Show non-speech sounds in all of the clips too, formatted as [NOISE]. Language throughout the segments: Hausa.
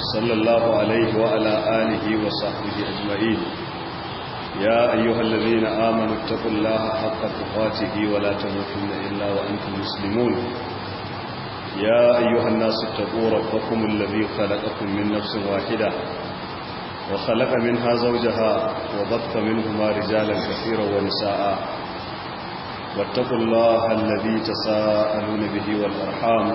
صلى الله عليه وعلى آله وصحبه أجمعين يا أيها الذين آمنوا اتقوا الله حق تقاته ولا تموتن إلا وأنتم مسلمون يا أيها الناس اتقوا ربكم الذي خلقكم من نفس واحدة وخلق منها زوجها وبط منهما رجالا كثيرا ونساء واتقوا الله الذي تساءلون به والأرحام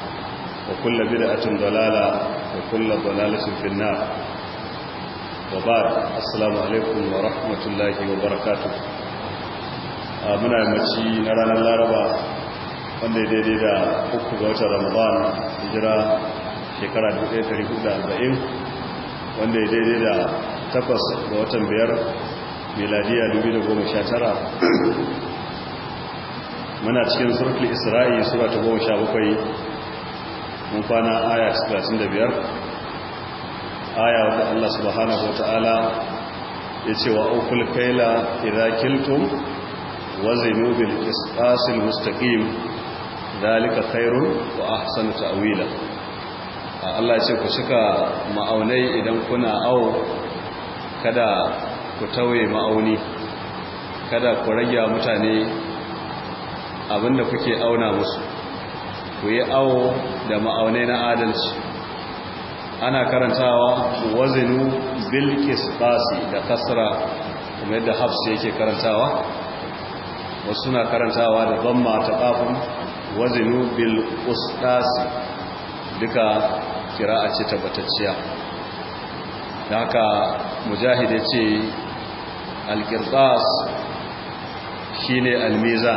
وكل بدعة ضلالة وكل ضلالة في النار وبعد السلام عليكم ورحمة الله وبركاته muna yammaci na ranar laraba wanda ya daidai da uku ga watan ramadan hijira shekara 1440 wanda ya daidai da takwas ga watan biyar miladiya 2019 muna cikin surkul isra'i sura ta goma sha mun kwana aya 35 aya wadda Allah subhanahu wata'ala ya ce wa aukul kaila idza wazinu bil qisasil mustaqim zalika khairun wa ahsanu ta'wila Allah ya ce ku shika ma'aunai idan kuna au kada ku tauye ma'auni kada ku rage mutane abinda kuke auna musu ku yi awo da ma'aunai na adalci ana karantawa wazinu bilkis basi da kasra kuma yadda hafsu yake karantawa wasu na karantawa da ban ta kafin wazinu bil basi duka a ce tabbatacciya da haka mujahid ce ce shi shine almiza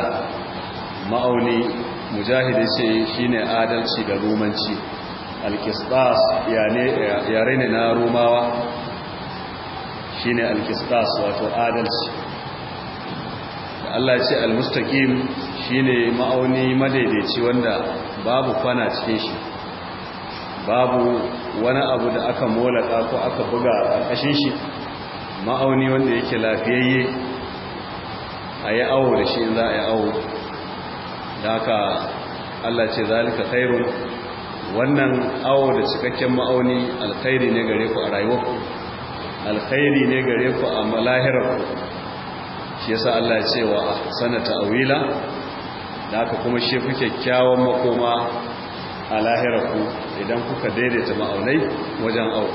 ma'auni mujahid ce shine adalci da romanci alkistas yare ne na romawa shine alkistas wato adalci Allah ce almustaqim shine ma'auni madaidaici wanda babu kwana cikin shi babu wani abu da aka molaka ko aka buga a kashin shi ma'auni wanda yake lafiyayye a yi awo da shi za a yi awo da haka Allah ce zalika khairun wannan awo da cikakken ma'auni alkhairi ne gare ku a rayuwarku alkhairi ne gare ku a malahirarku shi yasa Allah ce wa sana ta'wila da haka kuma shi ku kyakkyawan makoma a lahirarku idan kuka daidaita ma'aunai wajen awo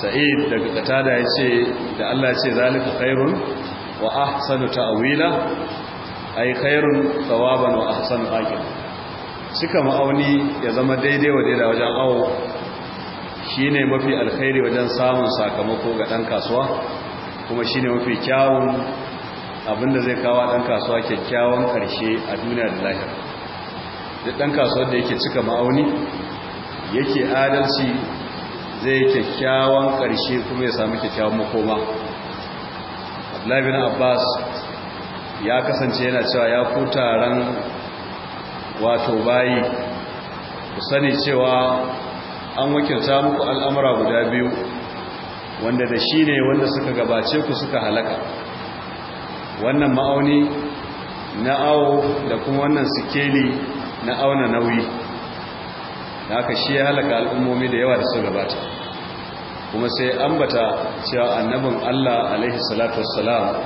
sa'id daga katada ya ce da Allah ce zalika khairun wa ahsanu ta'awila. ai khairun thawaban wa ahsan aqil suka ma'auni ya zama daidai wa daidai wajen awo shine mafi alkhairi wajen samun sakamako ga dan kasuwa kuma shine mafi kyawun abinda zai kawo dan kasuwa kyakkyawan karshe a duniya da lahira da dan kasuwar da yake cika ma'auni yake adalci zai kyakkyawan karshe kuma ya samu kyakkyawan makoma Abdullahi bin Abbas ya kasance yana cewa ya ku taron wato bayi ku sani cewa an wakilta muku al'amura guda biyu wanda da shi ne wanda suka gabace ku suka halaka wannan ma'auni na awo da kuma wannan sikeli na auna nauyi da aka shi ya halaka al'ummomi da yawa da su gabata kuma sai ambata cewa annabin Allah alaihi salatu wassalam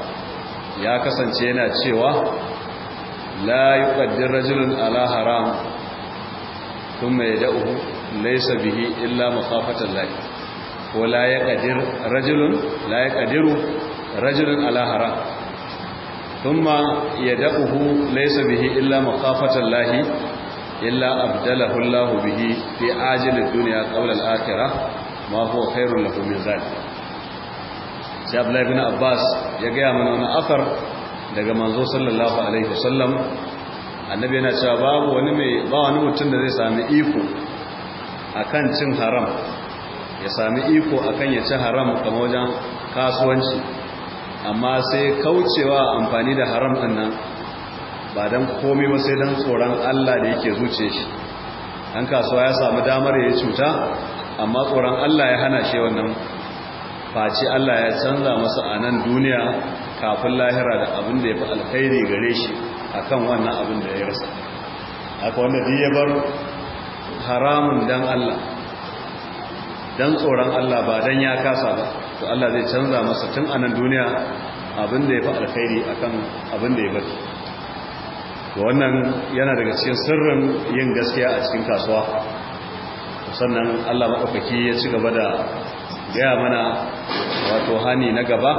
ya kasance yana cewa la yuqaddir rajulun ala haram thumma yad'uhu laysa bihi illa makhafatan lahi ko la yaqdir rajulun la yaqdiru rajulun ala haram thumma yad'uhu laysa bihi illa makhafatan lahi illa abdalahu Hullahu bihi fi ajilid dunya qabla al-akhirah ma huwa khairun lahu min zalik sai abdullahi bin abbas ya gaya mana wani afar daga manzo sallallahu alaihi wasallam annabi yana cewa babu wani mai ba wani mutum da zai sami iko akan cin haram ya sami iko akan ya ci haram kamar wajen kasuwanci amma sai kaucewa amfani da haram din nan ba dan komai ba sai dan tsoron Allah da yake zuce shi an kasuwa ya sami damar ya cuta amma tsoron Allah ya hana shi wannan face Allah ya canza masa a nan duniya kafin lahira da abin da ya fi alkhairi gare shi akan wannan abin da ya rasa aka wanda ya bar haramun dan Allah dan tsoron Allah ba dan ya kasa ba to Allah zai canza masa tun a nan duniya abin da ya fi alkhairi akan abin da ya bari wannan yana daga cikin sirrin yin gaskiya a cikin kasuwa sannan Allah maɗaukaki ya ci gaba da gaya mana wato hani na gaba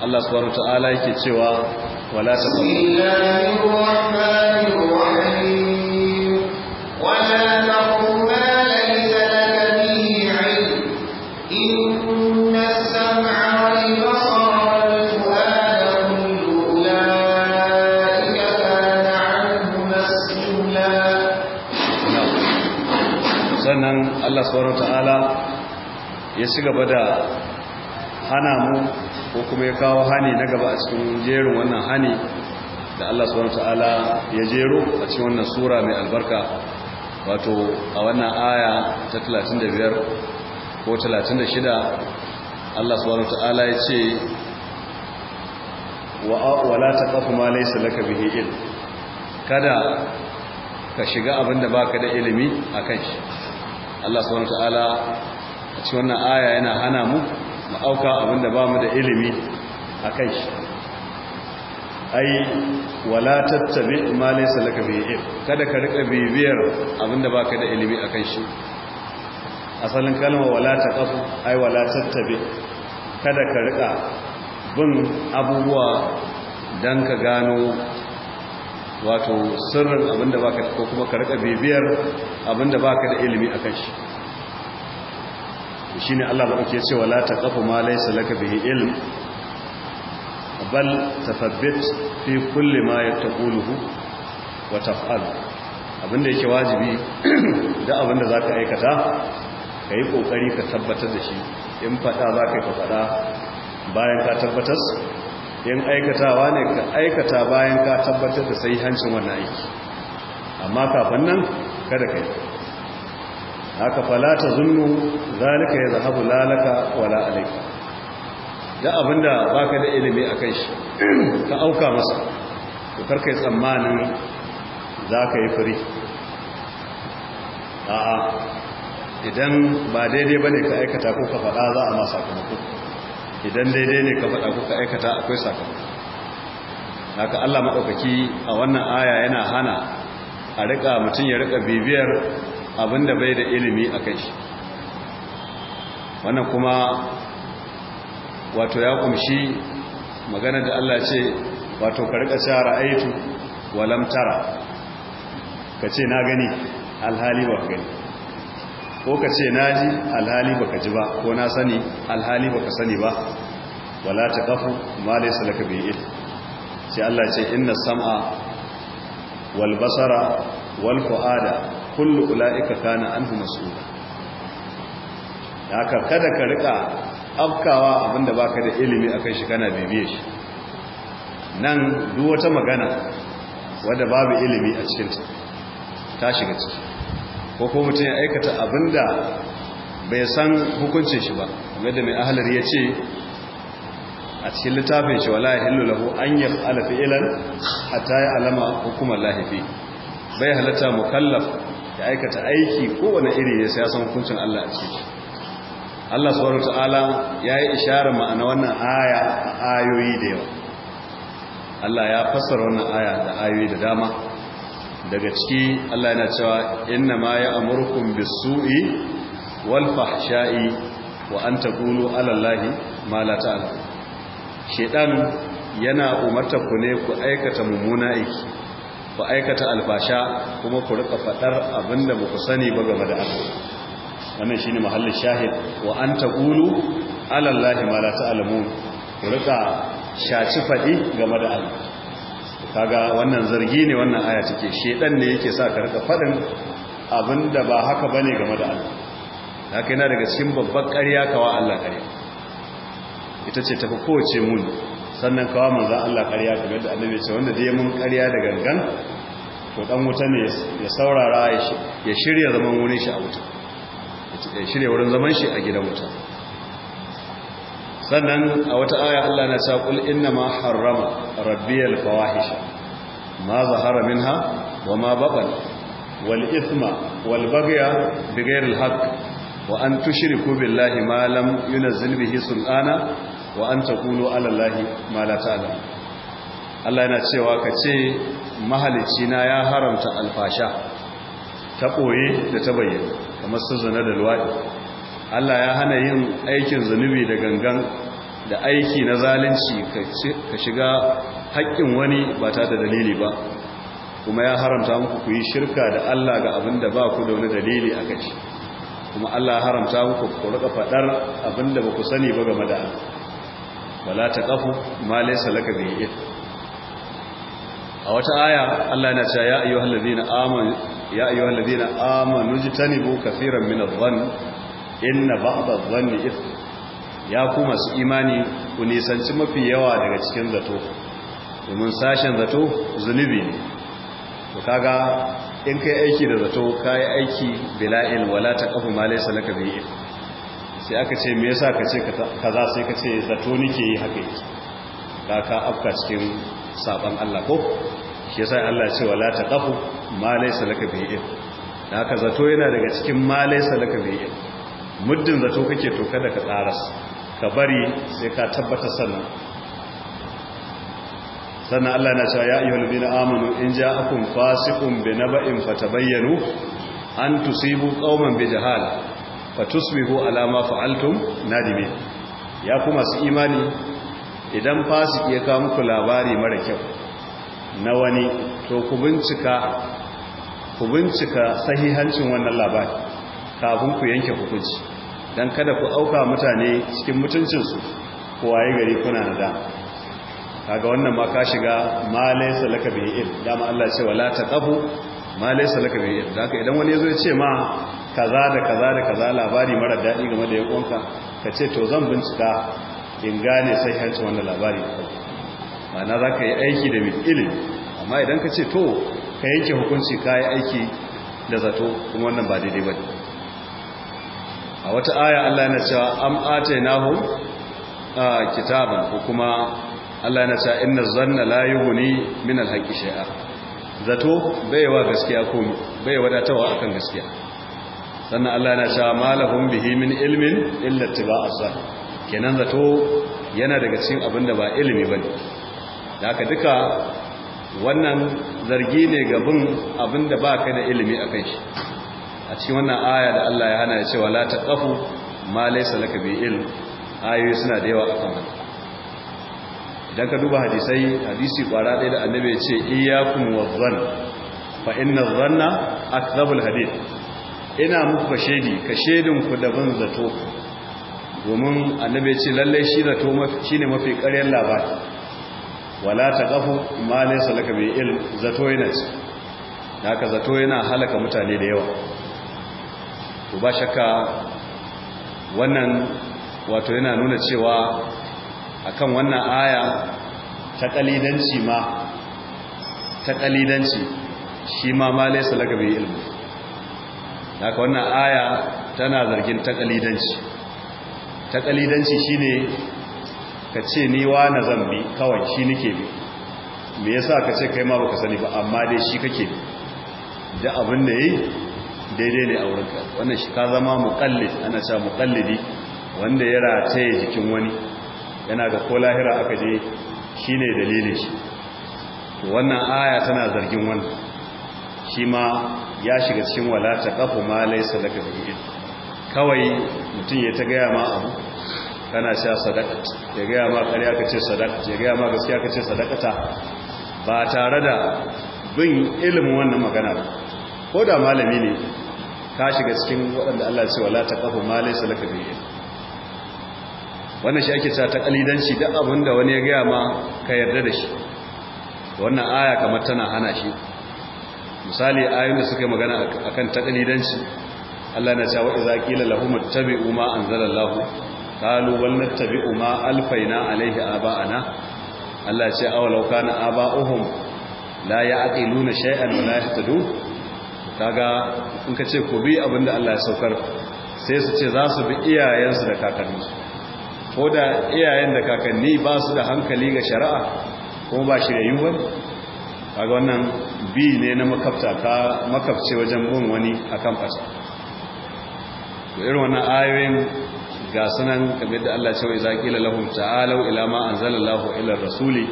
Allah subhanahu ta'ala yake cewa wala taqulu ci gaba da hana mu ko kuma ya kawo hani na gaba a cikin jerin wannan hani da Allah subhanahu ta'ala ya jero a cikin wannan sura mai albarka wato a wannan aya ta 35 ko 36 Allah subhanahu ta'ala ya ce wa la taqafu ma laysa laka bihi ilm kada ka shiga abinda baka da ilimi akan shi Allah subhanahu ta'ala a wannan aya yana hana mu ma'auka abinda ba mu da ilimi a kai shi ai wala tattabi ma laysa laka bi ilm kada ka rika bibiyar abinda baka da ilimi a kan shi asalin kalma wala taqaf ai wala tattabi kada ka rika bin abubuwa dan ka gano wato sirrin abinda baka ko kuma ka rika bibiyar abinda baka da ilimi a kan shi ne Allah madauki ya ce wala taqafu ma laysa laka bihi ilm bal tafabbit fi kulli ma yataquluhu wa taf'al abinda yake wajibi [CLEARS THROAT] da abinda zaka aikata kai kokari ka tabbatar da shi in fada zaka ka fada bayan ka tabbatar in aikatawa ne ka aikata bayan ka tabbatar da sai hancin wannan aiki amma kafin nan kada ka yi haka falata zunnu zalika ya zahabu lalaka wala alaika da abinda baka da ilimi a kai shi ka auka masa to karkai tsammanin za ka yi firi a'a idan ba daidai ba ne ka aikata ko ka faɗa za a ma sakamako idan daidai ne ka faɗa ko ka aikata akwai sakamako haka allah maɗaukaki a wannan aya yana hana a riƙa mutum ya riƙa bibiyar abinda bai da ilimi a kai shi wannan kuma wato ya kumshi maganar da Allah ce wato karka sha ra'aitu walam tara kace na gani alhali ba gani ko kace naji alhali baka ji ba ko na sani alhali baka sani ba wala ta kafu ma laysa laka bihi sai Allah ce inna sam'a wal basara wal fuada kullu ula'ika kana anhu mas'ula haka kada ka rika afkawa abinda baka da ilimi akan shi kana bibiye shi nan duk wata magana wadda babu ilimi a cikin ta ta shiga ciki ko ko mutum ya aikata abinda bai san hukuncin shi ba game da mai ahalar ya ce a cikin littafin shi wala yahillu lahu an a fi'lan hatta alama hukumar lahifi bai halatta mukallaf ya aikata aiki kowane iri ya sai ya san hukuncin Allah a ciki Allah subhanahu ta'ala ya yi isharar ma'ana wannan aya a ayoyi da yawa Allah ya fassara wannan aya da ayoyi da dama daga ciki Allah yana cewa inna ma ya'murukum bis-su'i wal fahsha'i wa an taqulu 'ala Allahi ma la ta'lamun shedan yana umarta ku ne ku aikata mummuna aiki ku aikata alfasha kuma ku rika faɗar abinda ba ku sani ba game da Allah wannan shine mahallin shahid wa anta qulu ala allahi ma la ta'lamun ku rika shaci faɗi game da Allah kaga wannan zargi ne wannan aya take shedan ne yake sa ka rika faɗin abinda ba haka bane game da Allah haka yana daga cikin babbar ƙarya kawa Allah ƙarya ita ce tafi kowace muni sannan kawo manzan Allah ƙarya kamar da annabi ce wanda dai mun ƙarya da gangan to dan wuta ne ya saurara ya shirya zaman wurin shi a wuta ya shirya wurin zaman shi a gidan wuta sannan a wata aya Allah na sa kul inna ma harrama rabbiyal fawahisha ma zahara minha wa ma baban wal ithma wal baghya bighayri haqq wa an tushriku billahi ma lam yunzil bihi sultana wa an ta kulo allahi ma la Allah yana cewa ka ce mahalicci na ya haramta alfasha ta koye da ta bayyana kamar su zina da luwadi Allah ya hana yin aikin zunubi da gangan da aiki na zalunci ka shiga haƙƙin wani ba ta da dalili ba kuma ya haramta muku ku yi shirka da Allah ga abin da ba ku da wani dalili a gaci kuma Allah haramta muku ku rika faɗar abin da ba ku sani ba game da wala ta kafu ma laysa laka bi ilm a wata aya Allah yana cewa ya ayyuhal ladina amanu ya ayyuhal ladina amanu jitanibu kaseeran min adh-dhann inna ba'd adh-dhanni ithm ya ku masu imani ku nisanci mafi yawa daga cikin zato domin sashen zato zunubi ne to kaga in kai aiki da zato kai aiki ilm wala ta kafu ma laysa laka bi ilm sai aka ce me yasa ka ce kaza sai ka ce zato nike yi haka yake ka ka afka cikin saban Allah ko shi yasa Allah ya ce wala taqafu ma laysa laka bihi ilm da haka zato yana daga cikin ma laysa laka bihi ilm muddin zato kake to kada ka tsaras ka bari sai ka tabbata sannan sannan Allah na cewa ya ayyuhal ladina amanu in ja'akum fasiqun bi naba'in fatabayyanu an tusibu qauman bi jahala fatusbihu ala ma fa'altum nadimin ya kuma su imani idan fasik ya kawo muku labari mara kyau na wani to ku bincika ku bincika sahihancin wannan labari kafin ku yanke hukunci dan kada ku auka mutane cikin mutuncinsu ku waye gari kuna nada kaga wannan ma ka shiga ma laysa laka bi'il dama Allah ya ce wala taqabu ma laysa laka bi'il zaka idan wani yazo ya ce ma kaza da kaza da kaza labari mara daɗi game da yankunka ka ce to zan bincika in gane sai hancin wannan labari ma'ana za ka yi aiki da ilimi amma idan ka ce to ka yanke hukunci ka yi aiki da zato kuma wannan ba daidai ba a wata aya Allah yana cewa am a kitaban ko kuma Allah yana cewa inna zanna la yughni min al shay'a zato wa gaskiya komai bai wadatawa akan gaskiya sannan Allah yana cewa malahum bihi min ilmin illa tiba'a sa kenan zato yana daga cikin abin da ba ilimi bane da haka duka wannan zargi ne ga bin abin da ba kai da ilimi a kai, a cikin wannan aya da Allah ya hana ya cewa la taqafu ma laysa laka bi ilm ayoyi suna da yawa akan idan ka duba hadisai hadisi kwara ɗaya da annabi ya ce iyyakum wa dhann fa inna zanna dhanna akdhabul hadith ina muku ka kashedin ku daban zato domin annabi ce lallai shi zato shine mafi ƙaryar labari wala taqafu ma laysa salaka bi ilm zato yana ci haka zato yana halaka mutane da yawa to ba shakka wannan wato yana nuna cewa akan wannan aya ta kalidanci ma ta kalidanci shi ma ma laysa bi ilm haka wannan aya tana zargin takalidanci takalidanci shine ka ce ni na zambi kawai shi nike bi me yasa ka ce kai ma baka sani ba amma dai shi kake bi da abin da yi daidai ne a wurinka wannan shi ka zama muqallid ana cewa muqallidi wanda ya rataye jikin wani yana da ko lahira aka je shine dalilin shi wannan aya tana zargin wannan shi ma ya shiga cikin wala ta kafu ma laisa laka bihi kawai mutum ya ta gaya ma abu kana sha sadaka ya gaya ma ƙarya ka ce sadaka ya gaya ma gaskiya ka ce sadakata ba tare da bin ilimin wannan magana ba ko da malami ne ka shiga cikin waɗanda Allah ya ce wala ta kafu ma laisa laka bihi wannan shi ake cewa ta kalidanci duk abinda wani ya gaya ma ka yarda da shi wannan aya kamar tana hana shi misali ayoyin da suka yi magana a kan takalidanci Allah na cewa idza qila lahum ittabi'u ma anzalallahu qalu wal tabi umar alfaina alaihi aba'ana Allah ce na kana aba'uhum la da na ya la ta ga in ka ce ko bi abinda Allah ya saukar sai su ce za su bi iyayensu da kakanninsu ko da iyayen da kakanni ba su da hankali ga shari'a ko ba shiryayyu wani kaga wannan bi ne na makafta ka makafce wajen bin wani akan fasa to irin wannan ayoyin ga sanan kamar da Allah ya ce wa idza qila lahum ta'alu ila ma anzalallahu ila rasuli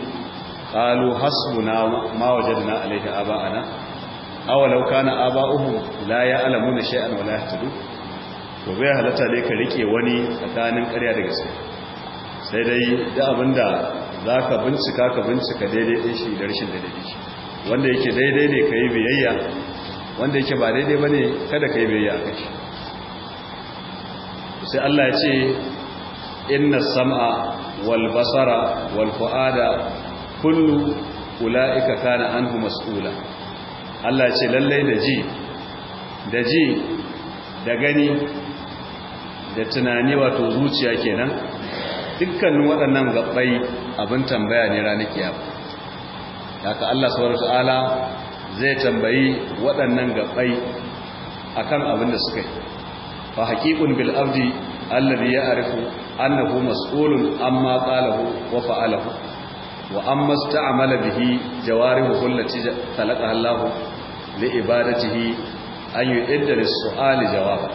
qalu hasbuna ma wajadna alayhi aba'ana law kana aba'uhum la ya'lamuna shay'an wa la yahtadun to bai halatta dai ka rike wani tsakanin ƙarya da gaske, sai dai da abinda za ka bincika ka bincika daidai shi da rashin daidai shi wanda yake daidai ne ka yi biyayya wanda yake ba daidai ba ne kada ka yi biyayya a kashi sai Allah ya ce inna sam'a wal basara wal fu'ada kullu ula'ika kana anhu mas'ula Allah ce lallai da ji da ji da gani da tunani wato zuciya kenan dukkanin waɗannan gabbai abin tambaya ne ranar kiyama haka Allah subhanahu ta'ala zai tambayi waɗannan gabai akan abin da suka yi fa haqiqun bil abdi alladhi ya'rifu annahu mas'ulun amma qalahu wa fa'alahu wa amma sta'amala bihi jawarihu allati khalaqa Allah li ibadatihi an yu'adda lis-su'ali jawaba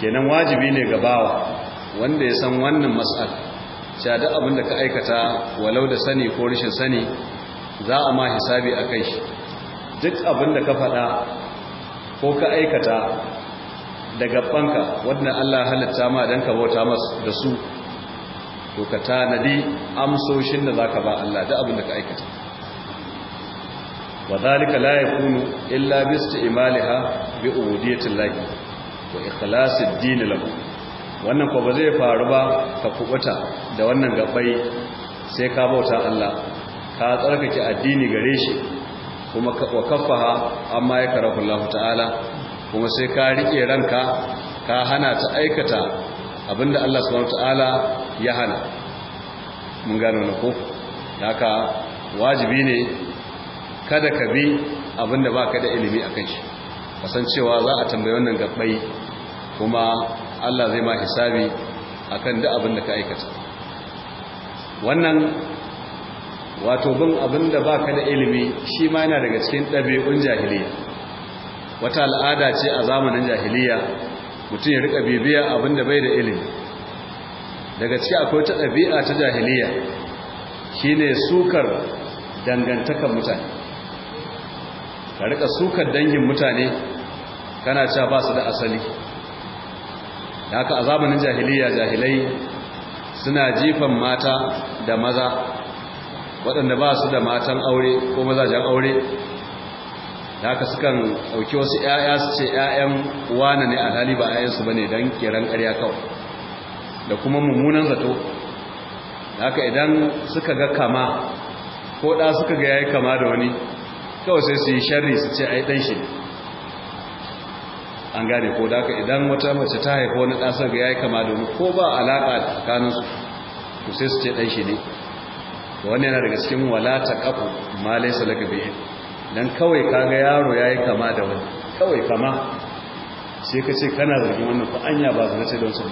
kenan wajibi ne ga bawa wanda ya san wannan mas'al cewa abin da ka aikata walau da sani ko rashin sani za a ma hisabi a kai shi duk abin ka faɗa ko ka aikata da gabanka wadda Allah halitta ma dan ka bauta masu da su to ka tanadi amsoshin da za ka ba Allah da abin da ka aikata wa zalika la yakunu illa bi istimaliha bi ubudiyatil lahi wa ikhlasid din lahu wannan ko ba zai faru ba ka kubuta da wannan gabai sai ka bauta Allah ka tsarkake addini gare shi kuma wa kafaha amma ya karahu Allah ta'ala kuma sai ka rike ranka ka hana ta aikata abinda Allah subhanahu ta'ala ya hana mun gano na ko haka wajibi ne kada ka bi abinda baka da ilimi akan shi kasancewa za a tambayi wannan gabbai kuma Allah zai ma hisabi akan duk abinda ka aikata wannan wato bin abin da baka da ilimi shi ma yana daga cikin ɗabi'un jahiliya wata al'ada ce a zamanin jahiliya mutum ya rika bibiya abin da bai da ilimi daga ciki akwai ta ɗabi'a ta jahiliya shine sukar dangantakar mutane ka rika sukar dangin mutane kana cewa ba su da asali da haka a zamanin jahiliya jahilai suna jifan mata da maza waɗanda ba su da matan aure ko mazajen aure da aka sukan ɗauki wasu 'ya'ya su ce 'ya'yan wane ne a hali ba 'ya'yansu ba ne don ƙeran ƙarya kawai da kuma mummunan zato da aka idan suka ga kama ko ɗa suka ga yayi kama da wani kawai sai su yi shari su ce ai ɗan shi an gane ko da haka idan wata mace ta haifo wani ɗa suka ga yayi kama da wani ko ba alaƙa tsakaninsu to sai su ce ɗan shi ne wani yana daga cikin walata kafu ma laisa laka bi dan kawai kaga yaro yayi kama da wani kawai kama sai kace ce kana zargin wannan fa anya ba zan ce su wasu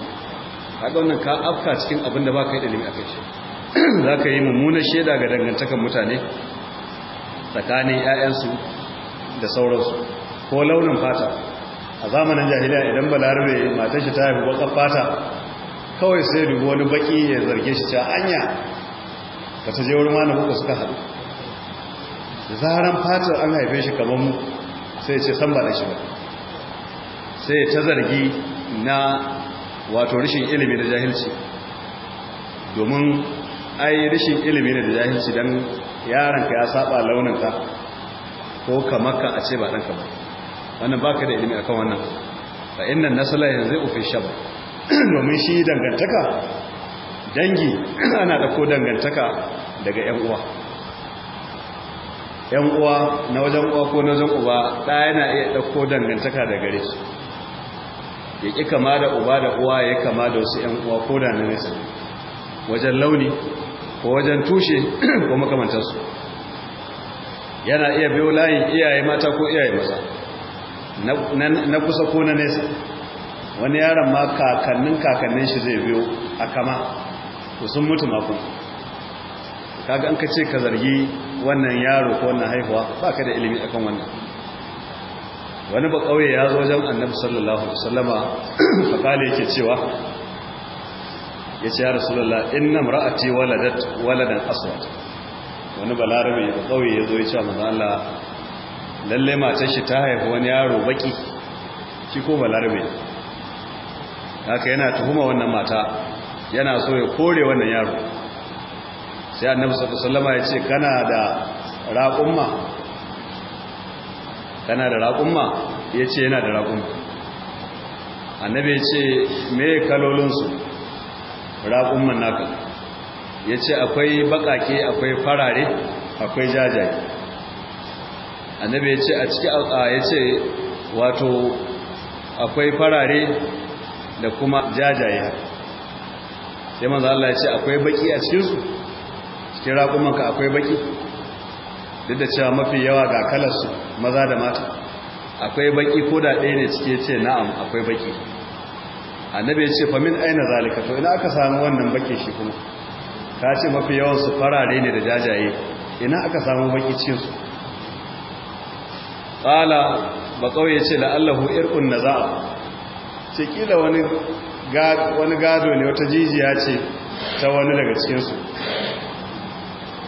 kaga wannan ka afka cikin abin da baka yi da limi akai shi [CLEARS THROAT] zaka yi mummunar sheda ga dangantakan mutane tsakanin su da sauransu ko launin fata a zamanin jahiliya idan balarabe matar shi ta haifi bakar fata kawai sai dubo wani baki ya zarge shi ta anya ba ta je wurin wani kuka suka haɗu da fatar an haife shi kamar mu sai ce san ba da shi ba sai ta zargi na wato rashin ilimi da jahilci domin ai rashin ilimi da jahilci don yaranka ya saba launinka ko kamarka a ce ba ɗanka ba wannan baka da ilimi akan wannan ba innan nasala yanzu zai ufe shaba domin shi dangantaka dangi ana da ko dangantaka daga yan uwa yan uwa na wajen uwa ko na wajen uba ta yana iya ɗauko dangantaka da gare su ya ƙi kama da uba da uwa ya kama da wasu yan uwa ko da na nesa wajen launi ko wajen tushe ko makamantarsu yana iya biyo layin iyaye mata ko iyaye maza na kusa ko na nesa wani yaron ma kakannin kakannin shi zai biyo a kama ku sun mutu makon kaga an ka ce ka zargi wannan yaro ko wannan haihuwa ba ka da ilimi akan wannan wani ba kauye ya zo wajen annabi sallallahu alaihi wasallama kale [CLEARS THROAT] yake cewa ya ya rasulullah inna imra'ati waladat waladan aswad wani balarabe ya kauye ya zo ya ce manzo Allah lalle matar shi ta haihu wani yaro baki shi ko balarabe haka yana tuhuma wannan mata yana so ya kore wannan yaro sai annabi sallallahu alaihi ya ce kana da raqumma kana da raƙumma ya ce yana da raƙumma annabi ya ce me su raƙumman naka ya ce akwai bakake akwai farare akwai jajaye annabi ya ce a ciki ya ce wato akwai farare da kuma jajaye sai manzo Allah ya ce akwai baki a cikinsu cikin raƙumanka akwai baki duk da cewa mafi yawa ga kalarsu maza da mata akwai baki ko da ɗaya ne cike ce na'am akwai baki annabi ya ce famin aina zalika to ina aka samu wannan baki shi kuma ka ce mafi yawan su farare ne da jajaye ina aka samu baki cikin su qala ba ya ce da irqun naza'a ce kila wani wani gado ne wata jijiya ce ta wani daga cikinsu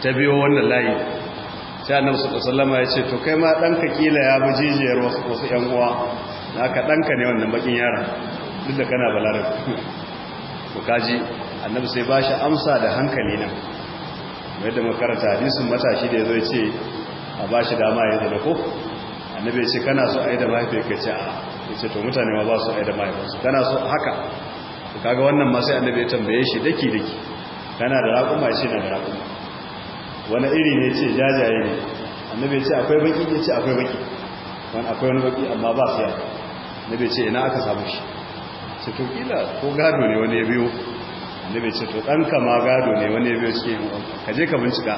ta biyo wannan layi sai annabi sallallahu alaihi ya ce to kai ma danka kila ya bi jijiyar wasu wasu yan uwa ka dan danka ne wannan bakin yara duk da kana balarar [LAUGHS] to kaji annabi sai ba shi amsa da hankali nan yadda makarata hadisin matashi da yazo ya ce a ba shi dama ya da ko annabi ce kana so a yi da mahaifiyar ka ce a ya ce to mutane ma ba su a yi da su kana so haka kaga wannan ma sai annabi ya tambaye shi daki daki kana da raƙuma ya ce na da raƙuma wani iri ne ce jajaye ne annabi ya ce akwai baki ya ce akwai baki wani akwai wani baki amma ba su yaka annabi ya ce ina aka samu shi su to ko gado ne wani ya biyo annabi ce to ɗanka ma gado ne wani ya biyo yi ka je ka bincika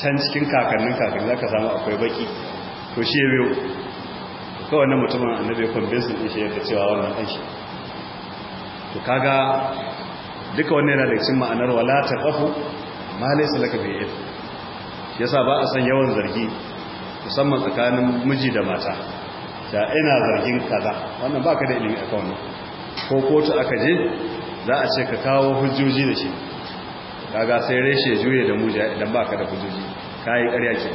can cikin kakannin kakannin za ka samu akwai baki to shi ya biyo kawai na mutumin annabi ya kwambesin ɗin shi yadda cewa wannan ɗan shi to kaga duka wannan yana da cin ma'anar wala ta ƙafu ma laisa laka bai yi yasa ba a san yawan zargi musamman tsakanin miji da mata da ina zargin kaza wannan baka da ilimi akan wannan ko kotu aka je za a ce ka kawo hujjoji da shi kaga sai reshe juye da muja idan baka da hujjoji kai ƙarya ce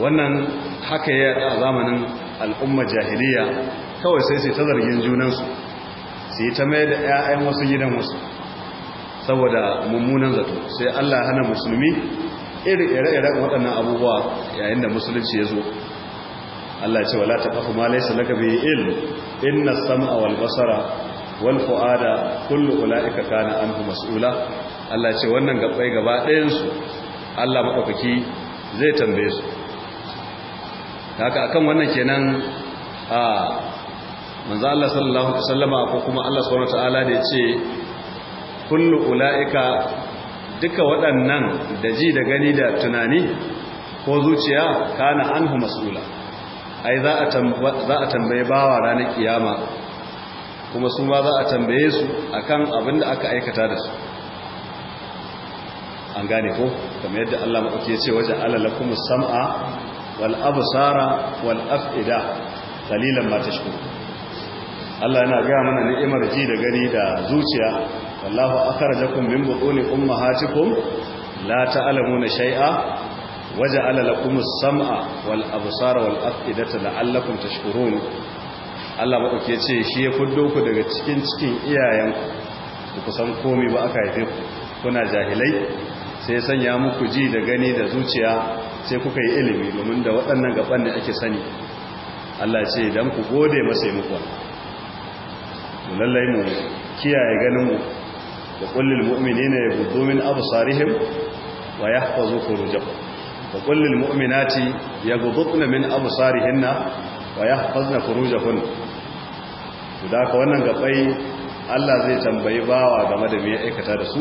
wannan haka ya a zamanin al'umma jahiliya kawai sai sai ta zargin junansu sai ta mai da 'ya'yan wasu gidan wasu saboda mummunan zato sai Allah hana musulmi iri ire-iren waɗannan abubuwa yayin da musulunci ya zo Allah ce wala taqafu ma laisa laka bihi ilm inna sama wal basara wal fu'ada kullu ulaika kana anhu mas'ula Allah ce wannan gabbai gaba ɗayan su Allah madaukaki zai tambaye su haka akan wannan kenan a manzo Allah sallallahu alaihi wasallama ko kuma Allah subhanahu wataala da ce kullu ulaika duka waɗannan da ji da gani da tunani ko zuciya kana anhu mas'ula ai za a tambaye bawa ranar kiyama kuma su ma za a tambaye su akan abin da aka aikata da su an gane ko kamar yadda Allah maɗauki ya ce wajen alalakun sam'a wal Sara, wal af'ida dalilan ma Allah yana gaya mana ni'imar ji da gani da zuciya wallahu akhrajakum min butuni ummahatikum la ta'lamuna shay'a waja'ala lakum as-sam'a wal absara wal af'idata la'allakum tashkurun Allah madauke ce shi ya fuddo ku daga cikin cikin iyayen ku kusan komai ba aka haife ku kuna jahilai sai sanya muku ji da gani da zuciya sai kuka yi ilimi domin da waɗannan gaban ne ake sani Allah ce dan ku gode masa yi muku lallai mu kiyaye ganin mu da kullil mu'minina yaghuddu min absarihim wa yahfazu furujahum wa kullil mu'minati yaghudduna min absarihinna wa yahfazna furujahun to da ka wannan gabai Allah zai tambayi bawa game da ya aikata da su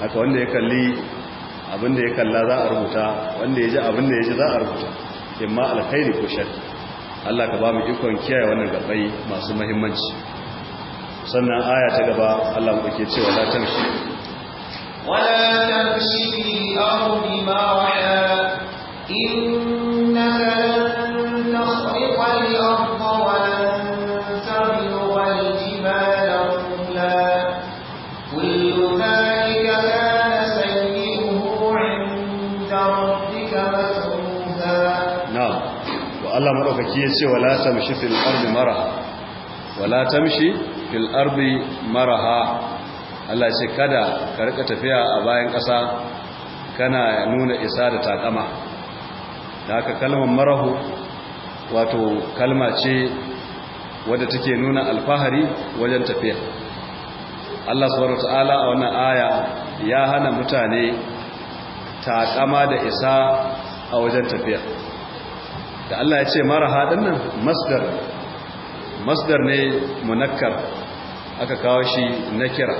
haka wanda ya kalli abinda ya kalla za a rubuta wanda ya ji abinda ya ji za a rubuta imma alkhairi ko shari Allah ka ba mu ikon kiyaye wannan gabai masu muhimmanci sannan aya ta gaba Allah mu ke cewa la tamshi wala tamshi bil ardi marha innaka lan tasriqa al arda wa lan tabluga al jibala la kullu dhalika kana sayyi'uhu 'inda rabbika matruka na'am to Allah madaukaki ya ce wala tamshi fil ardi marha wala tamshi fil ardi maraha Allah ce kada ka rika tafiya a bayan ƙasa kana nuna isa da takama da haka kalmar marahu wato kalma ce wadda take nuna alfahari wajen tafiya Allah subhanahu ta'ala a wannan aya ya hana mutane takama da isa a wajen tafiya da Allah ya ce maraha dinnan masdar masdar ne munakkar aka kawo shi na kira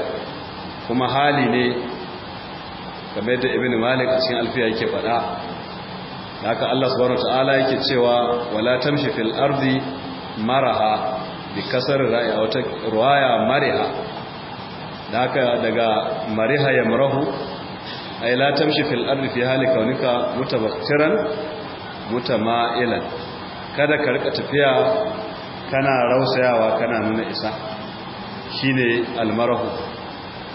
kuma hali ne game da ibn malik a cikin alfiya yake faɗa haka Allah subhanahu wataala yake cewa wala tamshi fil ardi maraha bi kasar ra'a wata ruwaya mariha haka daga mariha yamrahu ay la tamshi fil ardi fi hali kaunika mutabakkiran mutama'ilan kada ka rika tafiya kana rausayawa kana nuna isa ne almarahu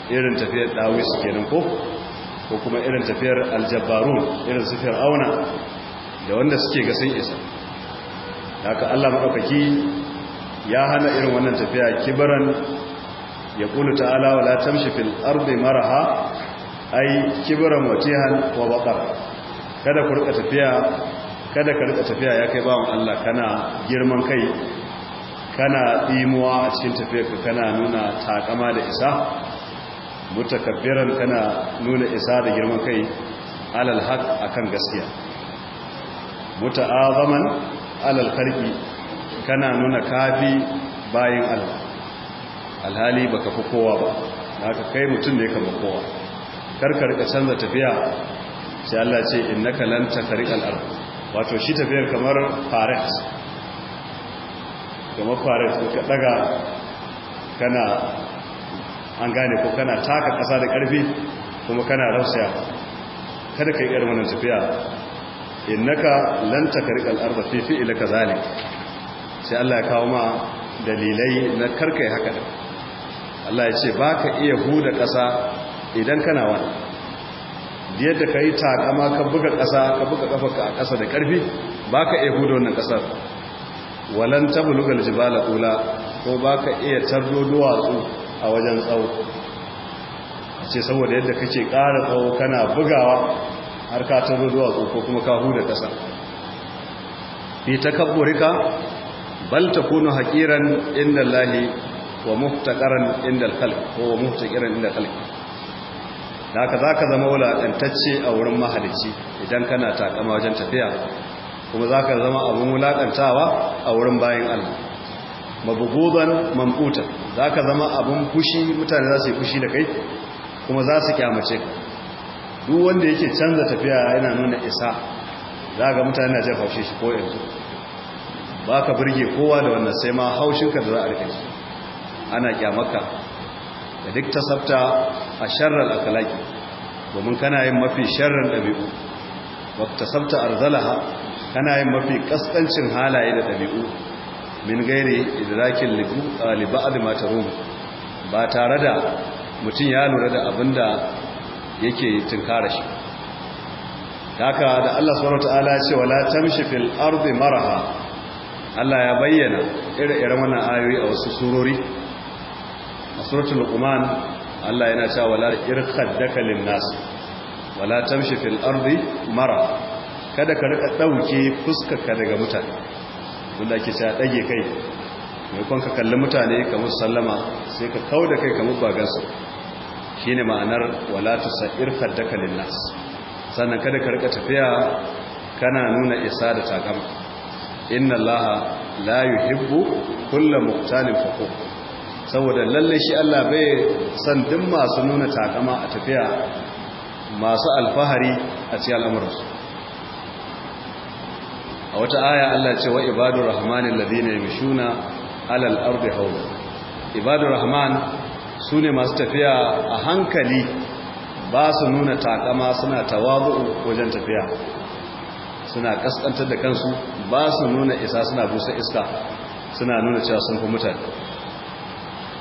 irin tafiyar dawis kenan ko ko kuma irin tafiyar aljabarun irin su fir'auna da wanda suke ga sun isa haka Allah madaukaki ya hana irin wannan tafiya kibaran ya ta ta'ala wala tamshi fil ardi maraha ai kibaran watihan wa baqara kada ku rika tafiya kada ka rika tafiya ya kai bawon Allah kana girman kai kana imuwa a cikin tafiyarka kana nuna takama da isa mutakabbiran kana nuna isa da girman kai alal haq akan gaskiya muta'azaman alal karki kana nuna kafi bayin Allah alhali baka fi kowa ba haka kai mutum ne kamar kowa karkar ka canza tafiya sai Allah ce innaka lan tasriqal ard wato shi tafiyar kamar faret kamar faris ko ka daga kana an gane ko kana taka kasa da karfi kuma kana rausaya kada ka yi irin wannan tafiya innaka lan takarikal arda fi fi'lika zalik sai Allah ya kawo ma dalilai na karkai haka Allah ya ce baka iya huda kasa idan kana wani da ka yi takama ka buga ƙasa ka buga ƙafarka a ƙasa da ƙarfi ba ka iya huda wannan ƙasar walan tabulugal jibala ula ko baka iya tardo duwatsu a wajen tsawo ce saboda yadda kace ƙara tsawo kana bugawa har ka tardo duwatsu ko kuma ka huda ƙasa bi takabburika bal takunu haqiran inda Allahi wa muhtaqaran inda al-khalq ko muhtaqiran inda al-khalq da haka zaka zama wulaƙantacce a wurin mahalici idan kana takama wajen tafiya kuma za ka zama abin wulaƙantawa a wurin bayan Allah mabugudan mamputan za ka zama abin kushi mutane za su yi kushi da kai kuma za su kyamace ka duk wanda yake canza tafiya yana nuna isa za ga mutane na jefa shi ko yanzu ba ka birge kowa da wannan sai ma haushin ka da za a rike su ana kyamaka da duk ta sabta a sharrar akalaki domin kana yin mafi sharrar ɗabi'u wata sabta arzalaha kana yin mafi kaskancin halaye da ɗabi'u min gairi idrakin mata matarum ba tare da mutum ya lura da abin da yake tunkara shi haka da Allah subhanahu wataala ya ce wala tamshi fil ardi maraha Allah ya bayyana ire-iren wannan ayoyi a wasu surori a suratul luqman Allah yana cewa wala irkhaddaka dakalin nas wala tamshi fil ardi maraha kada ka rika ɗauke fuskarka daga mutane wanda ake cewa dage kai mai kwan ka kalli mutane kamar sallama sai ka kau da kai kamar bagansu su shine ma'anar walatu sa'ir faddaka linnas sannan kada ka rika tafiya kana nuna isa da takama inna allaha la yuhibbu kulla muqtalin fakhur saboda lalle shi Allah bai san duk masu nuna takama a tafiya masu alfahari a cikin al'amuransu a wata aya Allah ce wa ibadur rahmanin ladina yamshuna alal ardi hawla ibadur rahman sune masu tafiya a hankali ba su nuna takama suna tawazu wajen tafiya suna kaskantar da kansu ba su nuna isa suna busa iska suna nuna cewa sun fi mutane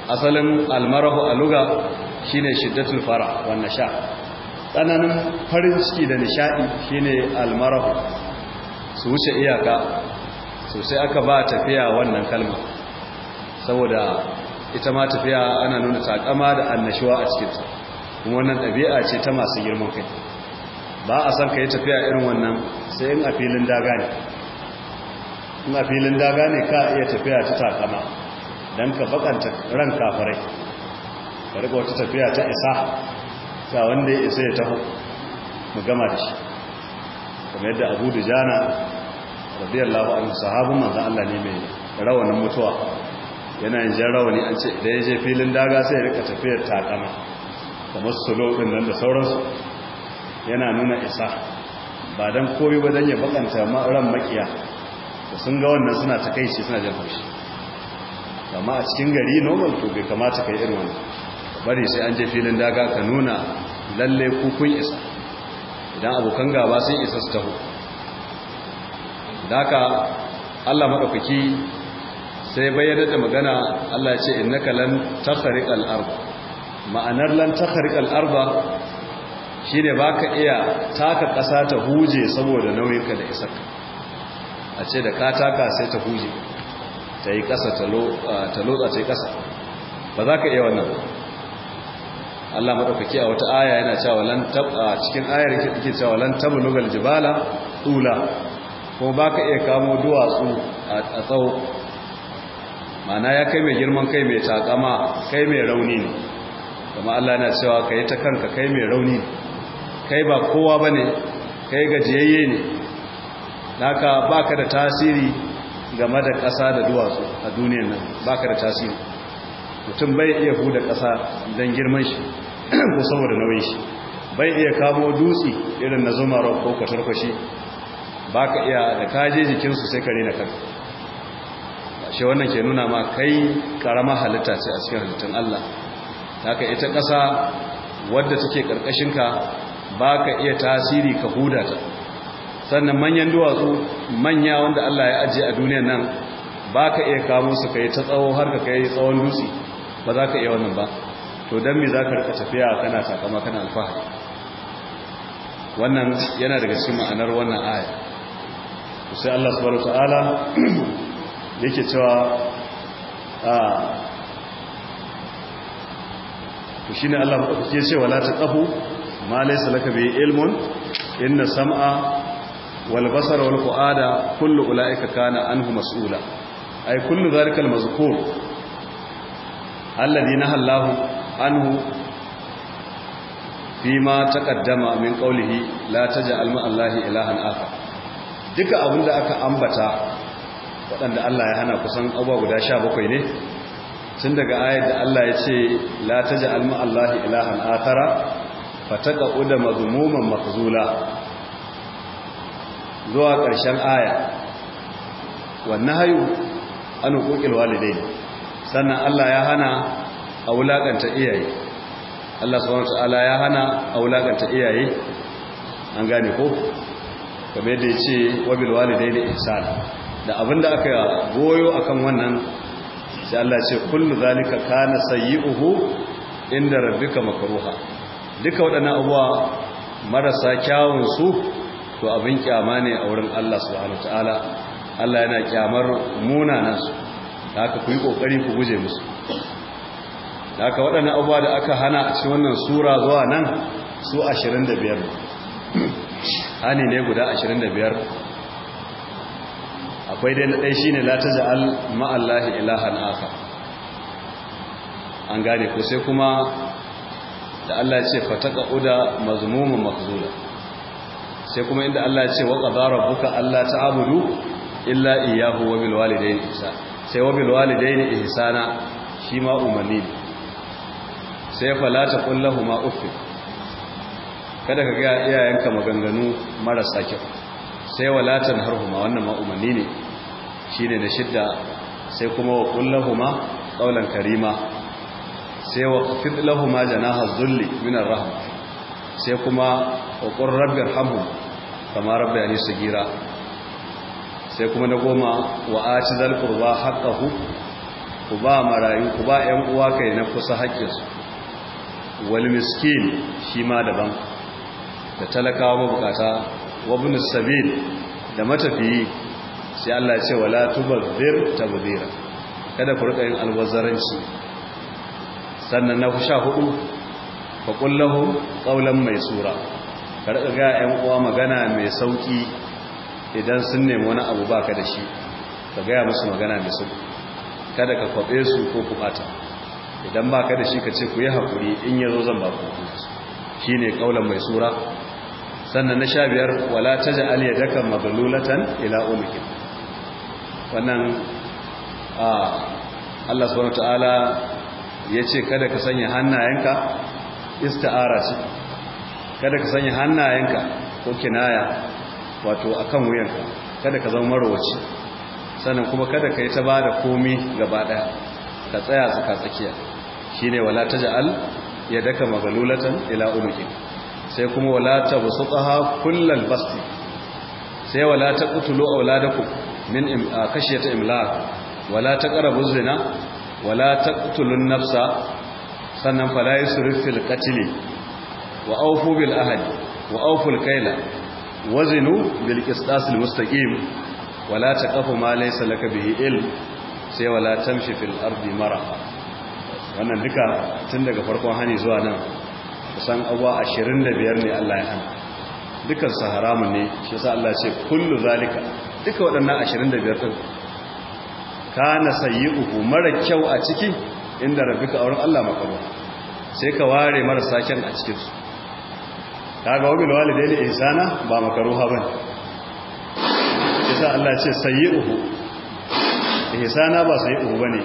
asalin almarahu aluga shine shiddatul fara wannan sha tsananin farin ciki da nishadi shine almarahu su wuce iyaka sai aka ba tafiya wannan kalma saboda ita ma tafiya ana nuna takama da annashuwa a cikinta kuma wannan ɗabi'a ce ta masu girman kai ba a san ka yi tafiya irin wannan sai in a filin daga ne in a filin daga ne ka iya tafiya ta takama don ka bakanta ran kafarai ka riga wata tafiya ta isa ta wanda ya isa ya taho mu gama da shi kamar yadda abu da jana radiyallahu anhu sahabban manzo Allah ne mai rawanin mutuwa yana yin jarawani rawani an ce idan ya je filin daga sai ya rika tafiyar takama kamar su lokacin nan da sauransu yana nuna isa ba dan koyi ba dan ya bakanta ran makiya sun ga wannan suna ta kai shi suna jan haushi amma a cikin gari normal to bai kamata kai irin wannan bari sai an je filin daga ka nuna lalle kukun isa idan abokan gaba sun isa su taho Da haka Allah madaukaki sai bayyana da magana Allah ya ce innaka lan takhriqal ardh ma'anar lan takhriqal ardh shine baka iya taka kasa ta huje saboda nauyinka da isarka a ce da ka taka sai ta huje ta yi kasa ta lotsa ta yi kasa ba za ka iya wannan Allah maɗaukaki a wata aya yana cewa lan tab a cikin ayar yake cewa lan Nugal, jibala tula ko ba ka iya kamo duwatsu a tsawo mana ya kai mai girman kai mai takama kai mai rauni ne kuma Allah na cewa ka yi ta kanka kai mai rauni kai ba kowa ba ne kai gajiyayye ne naka ba ka da tasiri game da ƙasa da duwatsu a duniyan nan ba ka da tasiri mutum bai iya huda ƙasa don girman shi [CLEARS THROAT] ko saboda nauyin shi bai iya kamo dutse irin na zuma ko kwatarkwashi ba ka iya da kaje jikinsu sai ka na kanka shi wannan ke nuna ma kai karama halitta ce a cikin halittun Allah ka ita ƙasa wadda suke ƙarƙashinka ba ka iya tasiri ka huda ta sannan manyan duwatsu manya wanda Allah ya ajiye a duniyan nan ba ka iya kamun su ka yi ta tsawo har ka kai tsawon dutse ba za ka iya wannan ba to don me za ka rika tafiya kana sakamakon kana alfahari wannan yana daga cikin ma'anar wannan aya sai Allah subhanahu ta'ala [CLEARS THROAT] yake cewa a ah, to shine Allah madaukake ce wala taqafu ma laysa laka bi ilmun inna sam'a wal basara wal fuada kullu ulaika kana anhu mas'ula ay kullu dhalika al mazkur alladhi nahallahu anhu fima taqaddama min qawlihi la taj'al ma allahi ilahan akhar duka abin da aka ambata waɗanda Allah ya hana kusan abuwa guda sha bakwai ne tun daga ayat da Allah ya ce la ta ji almu Allah ilahan atara fataka uda mazumuman mafuzula zuwa ƙarshen aya wannan hayu an hukukil walidai sannan Allah ya hana a wulaƙanta iyaye Allah subhanahu wa ta'ala ya hana a wulaƙanta iyaye an gane ko kamar yadda ya ce wabil walidai da ihsan da abin da aka goyo akan wannan sai Allah ce kullu zalika kana sayyi'uhu inda rabbika makruha duka waɗannan abuwa marasa kyawun su to abin kyama ne a wurin Allah subhanahu wataala Allah yana kyamar munanan su haka ku yi kokari ku guje musu haka waɗannan abuwa da aka hana a cikin wannan sura zuwa nan su 25 hani ne guda 25 akwai dai na ɗai shi ne lati za'al ma'allahi ilahan aka an gane ko sai kuma da Allah ce fataka uda mazmumin makzula sai kuma inda Allah ce waka zara buka Allah ta abudu illa iyahu wa bilwalidaini isa sai wa isa na shi ma umarni sai fala ta kullahu ma uffin kada ka ga iyayenka maganganu marasa kyau sai walatan harhuma wannan ma umarni ne shine da shidda sai kuma wa huma qaulan karima sai wa qafid lahuma janaha zulli minar arrahma sai kuma wa kama rabbi irhamhum kama su gira. sai kuma na goma wa ati zal qurba ku ba marayu ku ba 'yan uwa kai na kusa haƙƙinsu wal miskin shi ma daban da talakawa mabukata wabin sabil da matafiyi sai Allah ya ce wala tubazzir tabzira kada ku rika yin alwazaranci sannan na sha hudu fa ƙaulan qawlan maysura ka rika ga 'yan uwa magana mai sauki idan sun nemi wani abu baka da shi ka gaya musu magana mai sauki kada ka kwabe su ko ku bata idan baka da shi ka ce ku yi hakuri in yazo zan ba ku shine qawlan maysura sannan na sha biyar wala ta ji aliyadakan mazalulatan ila umikin wannan Allah subhanahu ta'ala ya ce kada ka sanya hannayenka ista'ara su kada ka sanya hannayenka ko kinaya wato akan wuyanka kada ka zama marowaci sannan kuma kada ka yi ta ba da komi gaba daya ka tsaya tsaka tsakiya Shi ne wala ya yadaka magalulatan ila unukin sai kuma wala tabsutaha kullal basti sai wala taqtulu auladakum min a kashe ta imla. wala taqrabu zina wala taqtulun nafsa sannan fala yusrif fil qatl wa aufu bil ahd wa aufu al kayla wazinu bil qistas al mustaqim wala taqafu ma laysa laka bihi ilm sai wala tamshi fil ardi mara wannan duka tun daga farkon hani zuwa nan kusan abuwa ashirin da biyar ne Allah ya hana dukan su ne shi sa Allah ce kullu zalika duka waɗannan ashirin da biyar ɗin kana uku mara kyau a ciki inda ka auren Allah makaru sai ka ware marasa kyan a cikin su kaga wabil walidaini insana ba makaruha bane sa Allah ce sayi uku insana ba sayi ba bane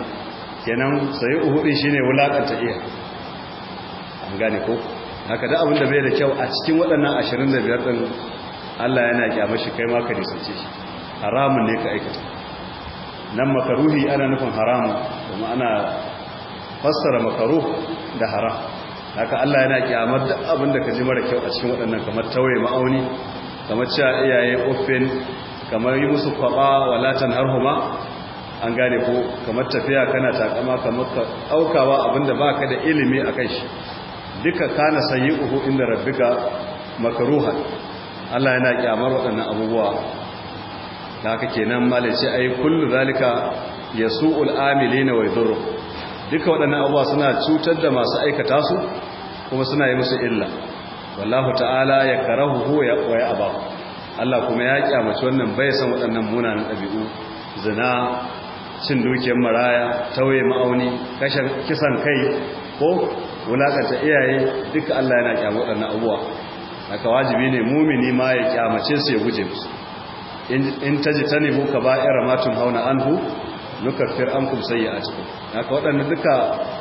kenan sayi uku din shine wulaƙanta iya an gane ko haka da abinda da bai da kyau a cikin waɗannan 25 ɗin Allah yana kyamar shi kai ma ka nisance shi haramun ne ka aikata nan makaruhi ana nufin haramu kuma ana fassara makaru da haram haka Allah yana kyamar da abin da ka ji mara kyau a cikin waɗannan kamar tawaye ma'auni kamar cewa iyaye ofin kamar yi musu kwaba walatan harhuma an gane ko kamar tafiya kana takama kamar ka aukawa abinda ka da ilimi a kan shi duka kana uku inda rabbika makaruhan Allah yana kyamar waɗannan abubuwa da haka kenan malaci ai kullu zalika yasu'ul amilina wa yadurru duka waɗannan abubuwa suna cutar da masu aikata su kuma suna yi musu illa wallahu ta'ala ya karahu ya koya aba Allah kuma ya kyamaci wannan bai san waɗannan munanan ɗabi'u zina cin dukiyar maraya tauye ma'auni kashin kisan kai ko wulakanta iyaye duka Allah yana kyamu waɗannan abuwa haka wajibi ne mumini ma ya kyamace su ya guje musu in ta ji ta nemo ka ba'ira matun hauna an nuka fir an kumsayya a cikin haka waɗanda duka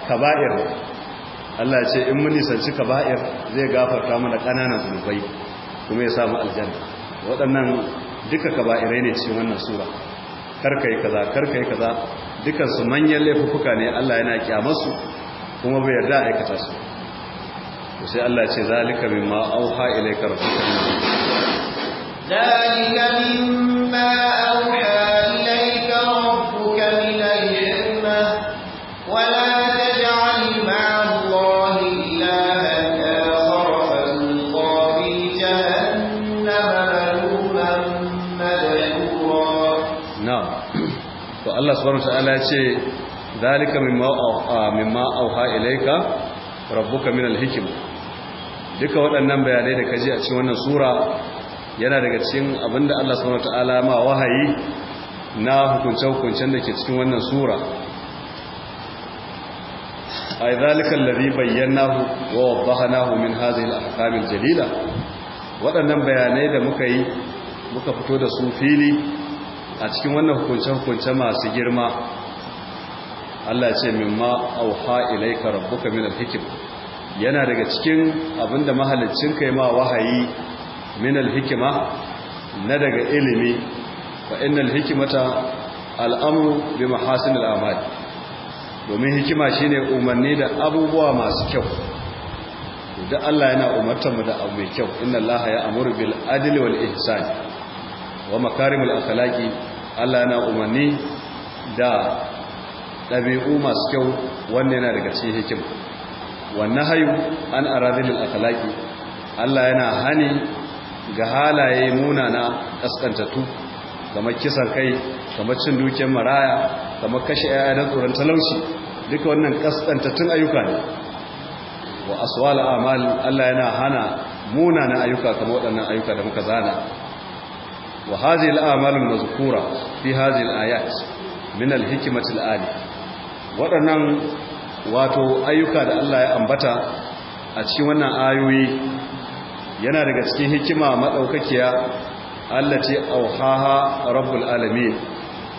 kaba'ir Allah ce in mun nisanci kaba'ir zai gafarta mana ƙananan zunubai kuma ya samu aljanna waɗannan duka kaba'irai ne cikin wannan sura karka yi kaza karka yi kaza dukansu manyan laifuka ne Allah yana su. kuma bai yarda a aikata su sai Allah ya ce zalika mimma auha ilayka rabbuka zalika mimma auha ilayka rabbuka min al-hikma wa la taj'al ma'a Allah subhanahu wa ta'ala ya ce zalika mimma auha ilaika rabbuka min alhikma duka waɗannan bayanai da kaji a cikin wannan sura yana daga cikin abinda Allah subhanahu wataala ma wahayi na hukunce-hukuncen da ke cikin wannan sura ay zalika alladhi bayyanahu wa wadahnahu min hadhihi al-ahkam al-jalila waɗannan bayanai da muka yi muka fito da su fili a cikin wannan hukunce-hukunce masu girma Allah ce mimma auha ilaika rabbuka min al-hikm yana daga cikin abinda mahallin kai ma wahayi min al-hikma na daga ilimi fa innal hikmata al-amru bi mahasin al-amal domin hikima shine umarni da abubuwa masu kyau da Allah yana umartar mu da abu mai kyau innallaha Allah ya amuru bil adli wal ihsan wa makarimul akhlaqi Allah yana umarni da ɗabi'u masu kyau wannan yana daga cikin hikima wannan hayu an aradilil akalaki Allah yana hani ga halaye munana kaskantatu kama kisan kai kama cin dukiyar maraya kama kashe yaya da tsoron talauci duka wannan kaskantattun ayyuka ne wa aswala amal Allah yana hana munana ayyuka kama waɗannan ayyuka da muka zana wa hajji al’amalin mazukura fi hajji al min al-hikmati waɗannan wato ayyuka da Allah ya ambata a cikin wannan ayoyi yana daga cikin hikima maɗaukakiya Allah ce auhaha rabbul alamin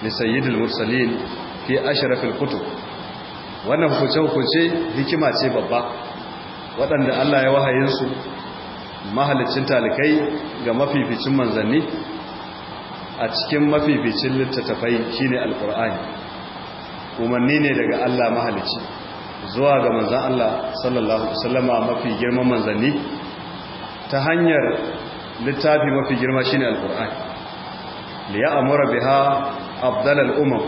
da sayyidul mursalin fi ashrafil kutub wannan hukunce-hukunce hikima ce babba waɗanda Allah ya wahayinsu mahalicin talikai ga mafificin manzanni a cikin mafificin littattafai shine alkur'ani umarni ne daga Allah mahalici zuwa ga manzan Allah sallallahu Alaihi mafi girman manzanni ta hanyar littafi mafi girma shine alkur'an da ya amura ha abdal al'umma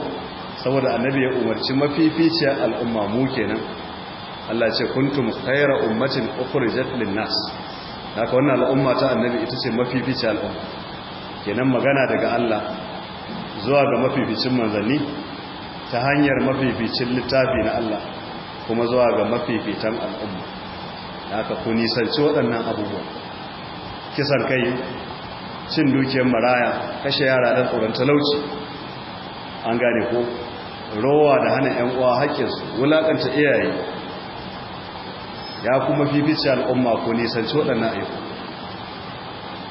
saboda annabi ya umarci mafi mafificiyar al'umma mu kenan Allah ce kuntum kaira ummatin ukhrijat lin-nas haka wannan al'umma ta annabi ita ce mafi fice al'umma kenan magana daga Allah zuwa ga mafificin manzanni ta hanyar mafificin littafi na Allah kuma zuwa ga mafifitan al'umma aka ku nisanci waɗannan abubuwa kisan kai cin dukiyar maraya kashe yara da tsoron talauci an gane ko rowa da hana 'yan uwa haƙƙinsu wulaƙanta iyaye ya kuma fifice al'umma ku nisanci waɗannan aiki.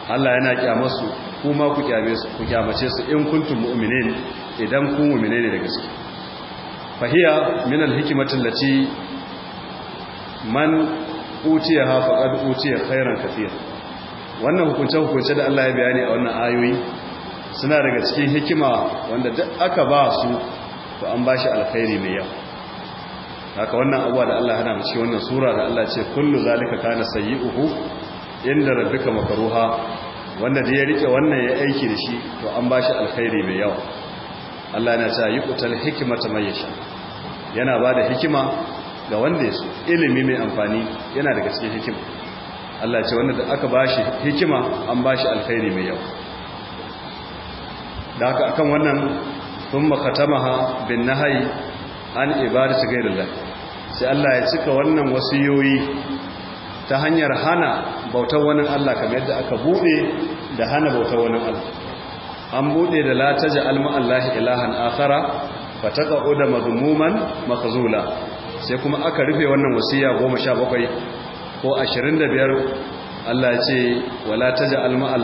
Allah yana su kuma ku kyamace su in mu'umine ne idan ku mu'umine ne da gaske fahiya min hikima lati man utiya ha faqad utiya khairan kathira wannan hukunce hukunce da Allah ya bayani a wannan ayoyi suna daga cikin hikima wanda aka ba su to an bashi alkhairi mai yawa haka wannan abuwa da Allah hana mu cikin wannan sura da Allah ce kullu zalika kana sayyi'uhu inda rabbika makruha wanda da ya rike wannan ya aiki da shi to an bashi alkhairi mai yawa Allah yana cewa yuqtal hikmata may yasha yana bada hikima ga wanda yaso ilimi mai amfani yana daga cikin hikima Allah ce wanda aka bashi hikima an ba shi alkhairi mai yau da haka akan wannan thumma khatamaha bin nahyi an ibadati ghairillah sai Allah ya cika wannan wasiyoyi ta hanyar hana bautar wani Allah kamar yadda aka buɗe da hana bautar wani Allah an buɗe da la taj'al ma allahi ilahan akhara fataqa'u da madmuman makhzula sai kuma aka rufe wannan wasiya 17 ko 25 Allah ce wala taj'al ma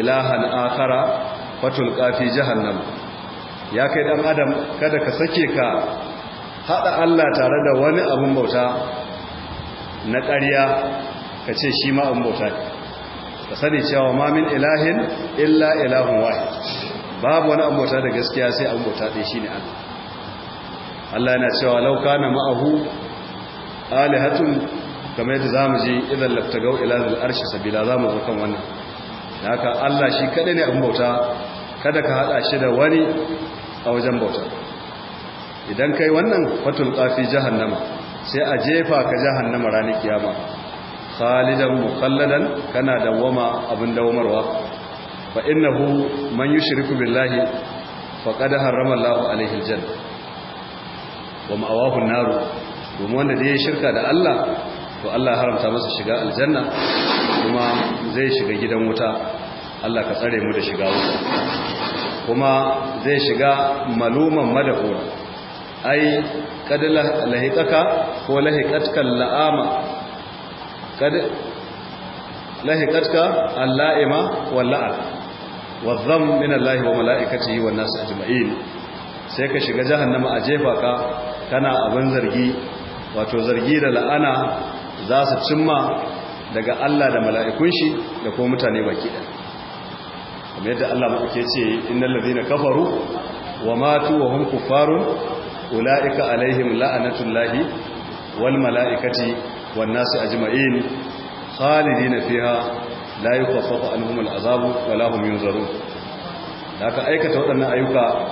ilahan akara fatulqa fi jahannam ya kai dan adam kada ka sake ka haɗa Allah tare da wani abin bauta na ƙarya ka ce shi ma abun bauta ka sani cewa ma min ilahin illa ilahun wahid babu wani abota da gaskiya sai abota shi shine Allah Allah yana cewa law kana ma'ahu alihatun da yadda zamu ji idan laftagau ila arshi sabila zamu zo kan wannan da haka Allah shi kadai ne an bauta kada ka haɗa shi da wani a wajen bauta idan kai wannan fatul qafi jahannama sai a jefa ka jahannama ranar kiyama khalidan mukhalladan kana dawama abin dawamarwa fa innahu man yushriku billahi faqad harrama Allahu alaihi aljanna wa ma'awahu an-nar domin wanda da ya shirka da Allah to Allah haramta masa shiga aljanna kuma zai shiga gidan wuta Allah ka tsare mu da shiga wuta kuma zai shiga maluman madahura ai kad lahiqaka ko lahiqatka la'ama kada lahiqatka al-la'ima wal-la'an wadh min Allah wa mala'ikatihi wan nas ajma'in sai ka shiga jahannama a jefa ka kana abin zargi wato zargi da la'ana za su cimma daga Allah da mala'ikun shi da kuma mutane baki ɗaya kamar yadda Allah maɗauke ce innal ladina kafaru wa matu wa hum kuffarun ulaika alaihim la'natullahi wal mala'ikati والناس أجمعين خالدين فيها لا يخفف عنهم العذاب ولا هم ينظرون لك أيكة وأن أيكة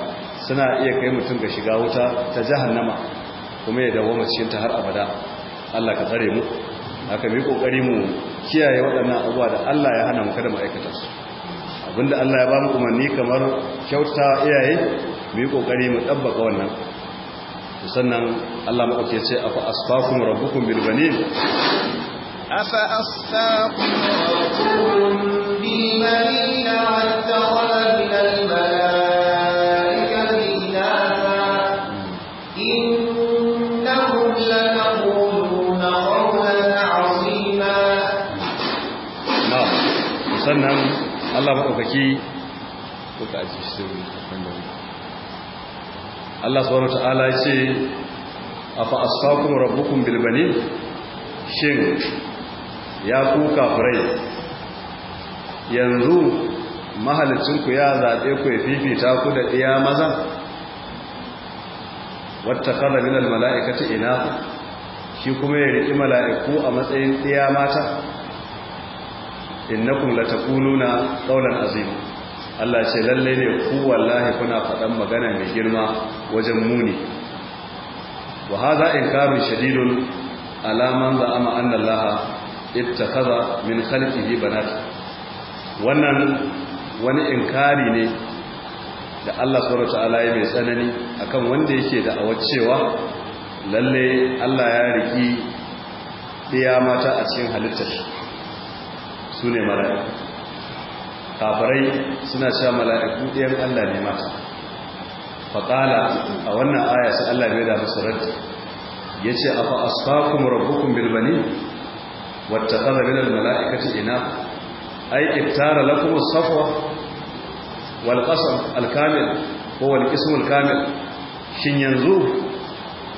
suna iya kai mutum ga shiga wuta ta jahannama kuma ya dawo cikin ta har abada Allah ka tsare mu haka mu kokari mu kiyaye waɗannan abubuwa da Allah ya hana mu kada mu aikata su abinda Allah ya ba mu umarni kamar kyauta iyaye mu yi kokari mu dabbaka wannan to sannan Allah maɗauke ce afa asfakum rabbukum bil afa asfakum rabbukum bil na sannan Allah maɗaukaki ko ka ajiye shi Allah subhanahu ta'ala ya ce afa asfakum rabbukum bil banin shin ya kuka kafirai yanzu mahalicinku ya zaɓe ku ya fifita ku da ɗiya maza wata kada min ta ina shi kuma ya riki mala'iku a matsayin ɗiya mata innakum latakuluna qawlan azim Allah ce lalle ne ku wallahi kuna faɗan magana mai girma wajen muni wa hadha inkarun shadidun ala man za'ama anna Allah min khalqihi banat wannan wani inkari ne da Allah subhanahu ta'ala ya mai tsanani akan wanda yake da awacewa lalle Allah ya riki diya mata a cikin halittar su ne mala'iku kafirai suna cewa mala'iku ɗayan Allah ne mata faƙala a wannan aya sai Allah bai da musu raddi ya ce a fa asfakum rabbukum bilbani wata ƙaza min almala'ikati ina ai iftara lakum safwa wal qasam al kamil ko wani qism al shin yanzu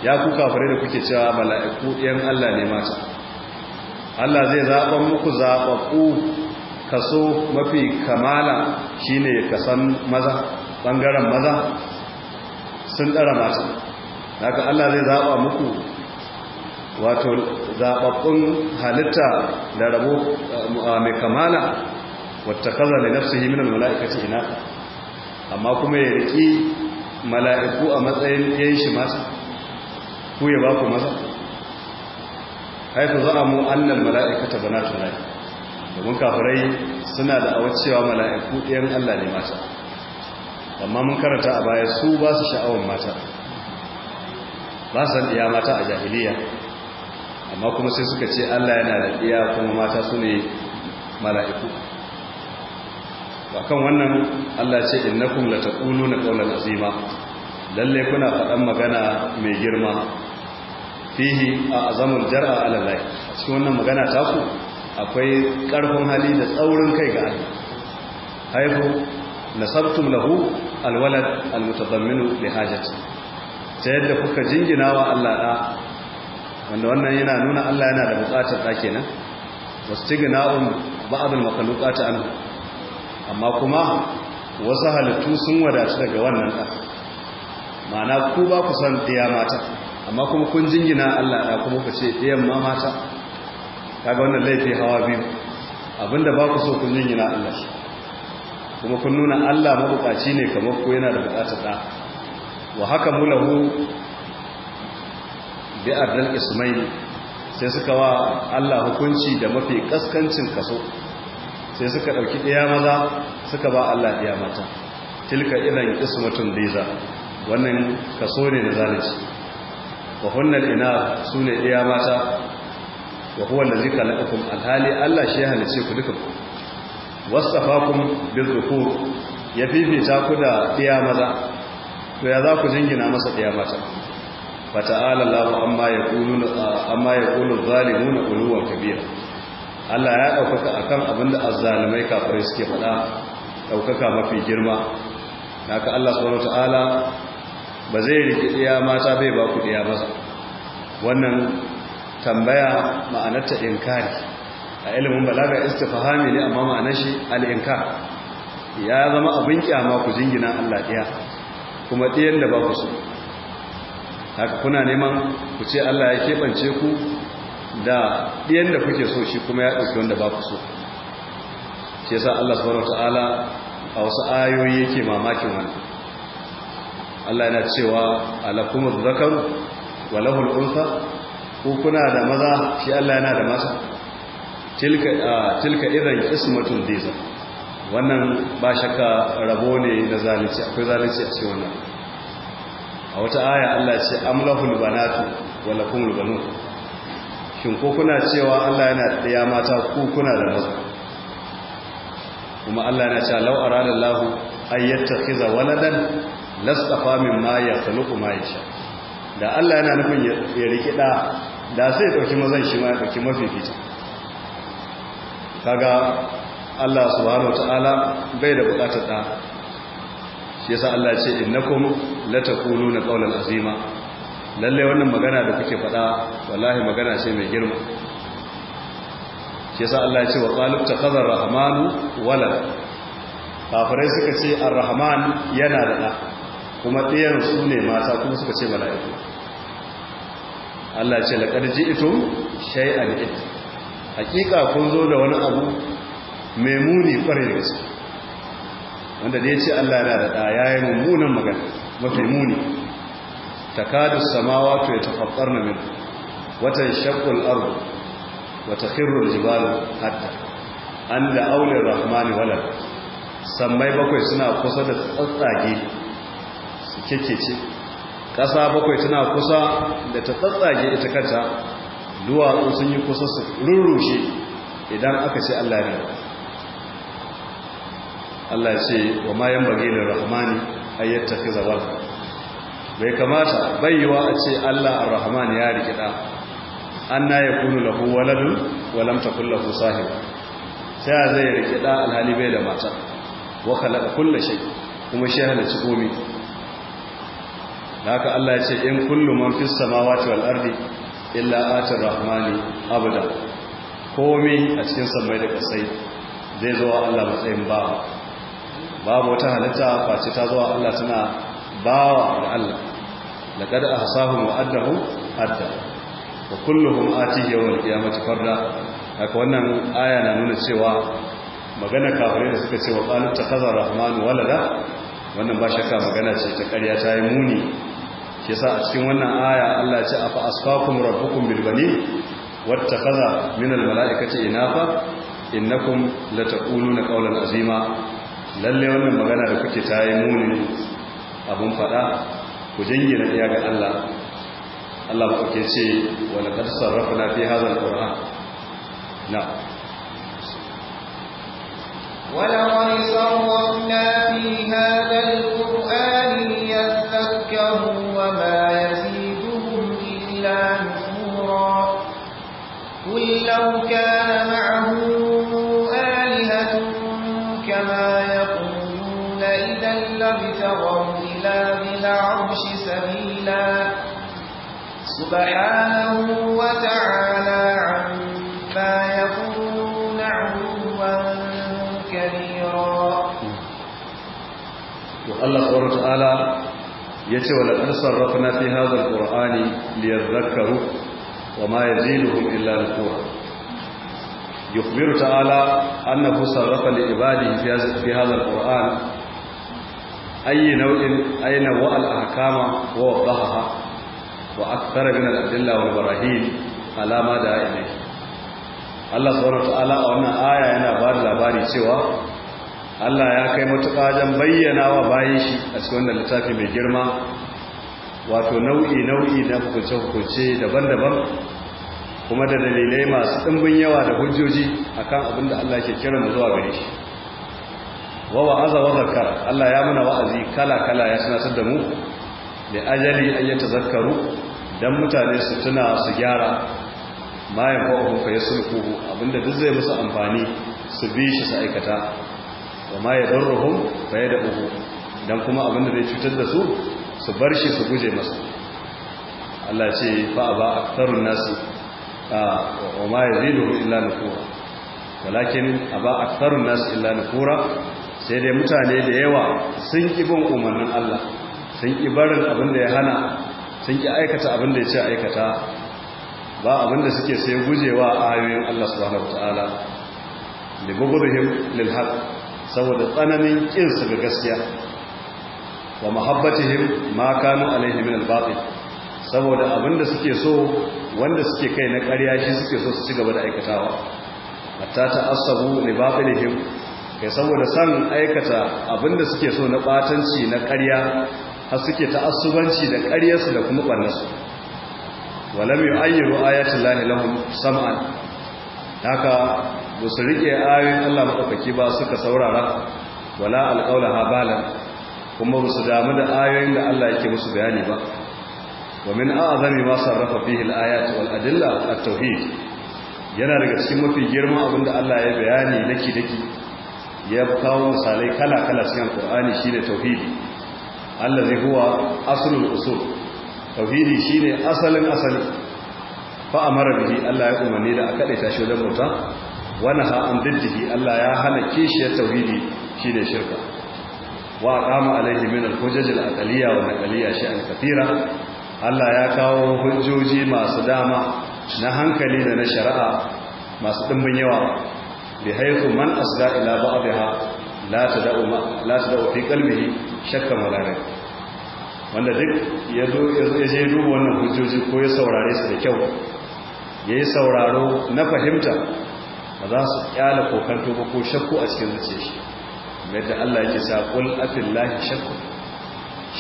ya ku kafirai da kuke cewa mala'iku ɗayan Allah ne mata Allah zai zaɓan muku zaɓaɓɓu kaso mafi kamala shine kasan maza bangaren maza sun dara mata daga Allah zai zaba muku wato zababbun halitta da rabo mai kamala wata kaza da nafsihi min almalaikati ina amma kuma ya riki mala'iku a matsayin yayin shi masa ku ya ba ku masa haifu za'amu annal mala'ikata banatun lafi domin kafirai suna da awar cewa mala'iku ɗiyan Allah ne mata amma mun karanta a baya su ba su sha'awar mata ba san ɗiya mata a jahiliya amma kuma sai suka ce Allah yana da ɗiya kuma mata su ne mala'iku ba kan wannan Allah ce in na ƙunu na ƙaunar azima lalle kuna faɗan magana mai girma fihi a azamul jar'a alalai cikin wannan magana ta ku akwai ƙarfin hali da tsaurin kai ga Allah haifu nasabtum lahu alwalad almutadamminu lihajati ta yadda kuka jingina wa Allah da wanda wannan yana nuna Allah yana da buƙatar da kenan wastigna'un ba'd almakhluqati anhu amma kuma wasu halittu sun wadatu daga wannan da ma'ana ku ba ku san diya mata amma kuma kun jingina Allah da kuma ku ce diyan ma mata kaga wannan laifi hawa biyu abinda ba ku so kun yi na Allah kuma kun nuna Allah mabukaci ne kamar ko yana da bukata ta. wa haka mulahu bi ardal ismaili sai suka wa Allah hukunci da mafi kaskancin kaso sai suka dauki daya maza suka ba Allah daya mata tilka idan ismatun diza wannan kaso ne da zalunci wa hunnal ina sune daya mata wa huwa allazi khalaqakum alhali Allah shi ya halice ku duka wasafakum birzukur ya fifita ku da iya maza to ya za ku jingina masa iya mata fata'ala Allahu amma yaquluna amma yaqulu zalimuna uluwan kabira Allah ya daukaka akan abinda azzalimai kafirai suke faɗa, ɗaukaka mafi girma haka Allah subhanahu ta'ala ba zai riki iya mata bai ba ku iya ba wannan tambaya ma'anarta inkari a ilimin balaga istifhami ne amma ma'anar shi al ya zama abin kyama ku jingina Allah ɗiya kuma ɗiyan da ba ku so haka kuna neman ku ce Allah ya keɓance ku da ɗiyan da kuke so shi kuma ya ɗauki wanda ba ku so shi yasa Allah subhanahu wataala a wasu ayoyi yake mamakin wani Allah yana cewa alakumuz zakar wa lahul unsa ko kuna da maza shi Allah yana da masa tilka tilka irin ismatul diza wannan ba shakka rabo ne na zalici akwai zalici a cikin wannan a wata aya Allah ya ce amlahul banatu wa lakumul banun shin ko kuna cewa Allah yana da mata ko kuna da maza kuma Allah yana cewa law aradallahu ayyatakhiza waladan lastafa mimma yakhluqu ma yasha da Allah yana nufin ya riki ɗa da sai ɗauki mazan shi ma ya mafi fita kaga Allah subhanahu ta'ala bai da bukatar ɗa shi yasa Allah ce in na ya lata innakum na ƙaunar azima lalle wannan magana da kuke faɗa wallahi magana ce mai girma shi yasa Allah ce wa qalib ta ar rahamanu wala kafirai suka ce ar-rahman yana da ɗa. kuma ɗayan su ne mata kuma suka ce mala'iku Allah ce laƙar ji ito shai a ɗin hakika kun zo da wani abu mai muni ƙwarai da gaske wanda da ya ce Allah na da ɗaya ya mummunan magana mafi muni ta kadu samawa to ya tafafar na min watan shakul ardu wata khirrul jibalu hatta an da aulin rahmani walar sammai bakwai suna kusa da tsatsage kekece ƙasa bakwai tana kusa da ta tsatsage ita kanta duwatsu sun yi kusa su rurrushe idan aka ce Allah ne Allah ce wa ma yan bage da rahmani ayyar tafi zawal bai kamata bayyawa a ce Allah ar-rahman ya rikida anna yakunu lahu waladun wa lam takul lahu sahiba sai zai rikida alhali bai da mata wa khalaqa kulli kuma shi halaci komi. haka Allah ya ce in kullu man fis samawati wal ardi illa atir rahmani abada komai a cikin samai da kasai zai zo Allah matsayin ba. babu wata halitta face ta zo Allah tana bawa da Allah laqad ahsahum wa addahu adda wa kulluhum atihi yawmal qiyamati farda haka wannan aya na nuna cewa magana kafirai da suka ce wa qalu takhazara Rahman walada wannan ba shakka magana ce ta ƙarya ta yi muni yasa a cikin wannan aya Allah ce afa asfakum rabbukum bil banin wattakhadha min al malaikati inafa innakum lataquluna qawlan azima lalle wannan magana da kuke tayi muni abun fada ku jingina iya ga Allah Allah kuke ce wa laqad sarrafna fi hadha al qur'an na ولقد صرفنا في هذا القرآن لو كان معه آلهة كما يقولون إذا لابتغوا إلى ذي العرش سبيلا سبحانه وتعالى عما يقولون عدوا كبيرا وقال الله تعالى وتعالى yace wala qad sarrafna fi hadha alqur'ani liyadhakkaru wama yaziluhum يخبر تعالى أنه صرف لعباده في هذا القرآن أي نوع أي نوع الأحكام ووضحها وأكثر من الأدلة والبراهين على ما دعا إليه Allah subhanahu wataala a wannan aya yana ba da labari cewa Allah ya kai matuƙa jan bayyana wa bayan shi a cikin wannan littafi mai girma wato nau'i nau'i na hukunce-hukunce daban-daban kuma da dalilai masu ɗimbin yawa da hujjoji akan abin da Allah ke kiran mu zuwa gare shi wa wa zakara Allah ya muna wa'azi kala kala ya sanatar da mu da ajali an yi tazakkaru dan mutane su tuna su gyara ma ya fa'u fa yasluhu abinda duk zai musu amfani su bi shi su aikata wa ma faye fa yad'uhu dan kuma abinda zai cutar da su su bar shi su guje masa Allah ce fa ba aktarun nasi wa zai yazidu illa a ba aba aktharun nas illa nufura sai dai mutane da yawa sun ki bin umarnin Allah sun ki barin abin da ya hana sun ki aikata abin da ya ce aikata ba abin da suke sai gujewa ayoyin Allah subhanahu wataala da bugurhim lil haqq saboda tsananin kin su ga gaskiya wa mahabbatihim ma kanu alaihi min al-batil saboda abinda suke so wanda suke kai na ƙarya shi suke so su ci gaba da aikatawa hatta ta asabu li lihim kai saboda san aikata abinda suke so na batanci na ƙarya har suke asubanci da ƙaryarsu da kuma ɓarnarsu walam yu'ayyiru ayatul lahi lahum sam'an haka ba su rike ayoyin Allah madaukaki ba suka saurara wala alqawla habalan kuma ba su damu da ayoyin da Allah yake musu bayani ba wa min a'zami ma sarrafa fihi al-ayat wal a tauhidi. yana daga cikin mafi girman abin da Allah ya bayani daki daki ya kawo misalai kala kala cikin Qur'ani shine tauhidi zai huwa aslul usul tauhidi shine asalin asali fa amara bihi Allah ya umarni da aka daita shi wajen bauta wa naha an diddihi Allah ya hana kishiyar tauhidi shine shirka wa aqama alaihi min al-hujaj al-aqliyya wa naqliyya shay'an kathira Allah ya kawo hujjoji masu dama na hankali da na shari'a masu ɗumbin yawa bi haifu man asda ila ba'daha la tad'u la tad'u fi qalbihi shakka malare wanda duk ya zo ya je duba wannan hujjoji ko ya saurare su da kyau yayi sauraro na fahimta ba za su kyala kokanto ba ko shakku a cikin zuciyar shi yadda Allah yake sa qul afillahi shakku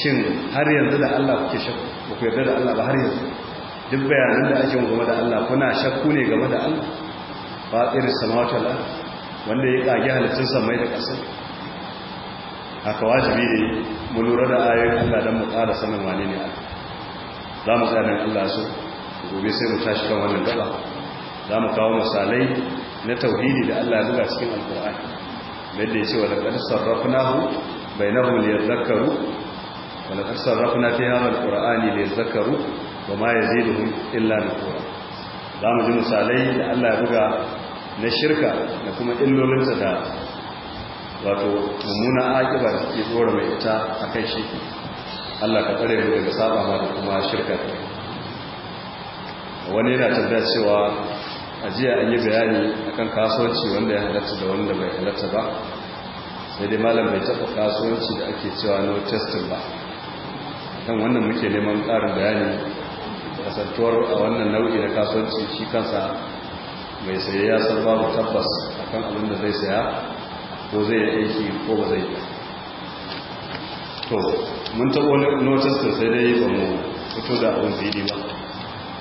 shin har yanzu da Allah kuke shakku ba ku yarda da Allah ba har yanzu duk bayanan da ake game da Allah kuna shakku ne game da Allah ba irin samawata la wanda ya kage halittun samai da ƙasa haka wajibi ne mu lura da ayoyin Allah dan mu ƙara sanin wane ne Allah za mu tsaya Allah so gobe sai mu tashi kan wannan gaba za mu kawo misalai na tauhidi da Allah ya buga cikin alkur'ani yadda ya ce wa laqad sarrafnahu bainahu liyadhakkaru ولقد صرفنا في هذا القرآن ليذكروا وما يزيدهم إلا نفورا zamu ji misalai da Allah ya buga na shirka da kuma sa da wato mummuna akibar ke tsora mai ita akan shi Allah ka tsare mu daga saba ma da kuma shirka wani yana tabbata cewa ajiya an yi bayani akan kasuwanci wanda ya halatta da wanda bai halatta ba sai dai malam bai taɓa kasuwanci da ake cewa no testing ba kan wannan muke neman tsarin bayani kasantuwar a wannan nau'i da kasuwanci shi kansa mai saye ya san babu tabbas akan abin da zai saya ko zai yi aiki ko ba zai to mun taɓo notis da sai dai ba mu fito da abin fili ba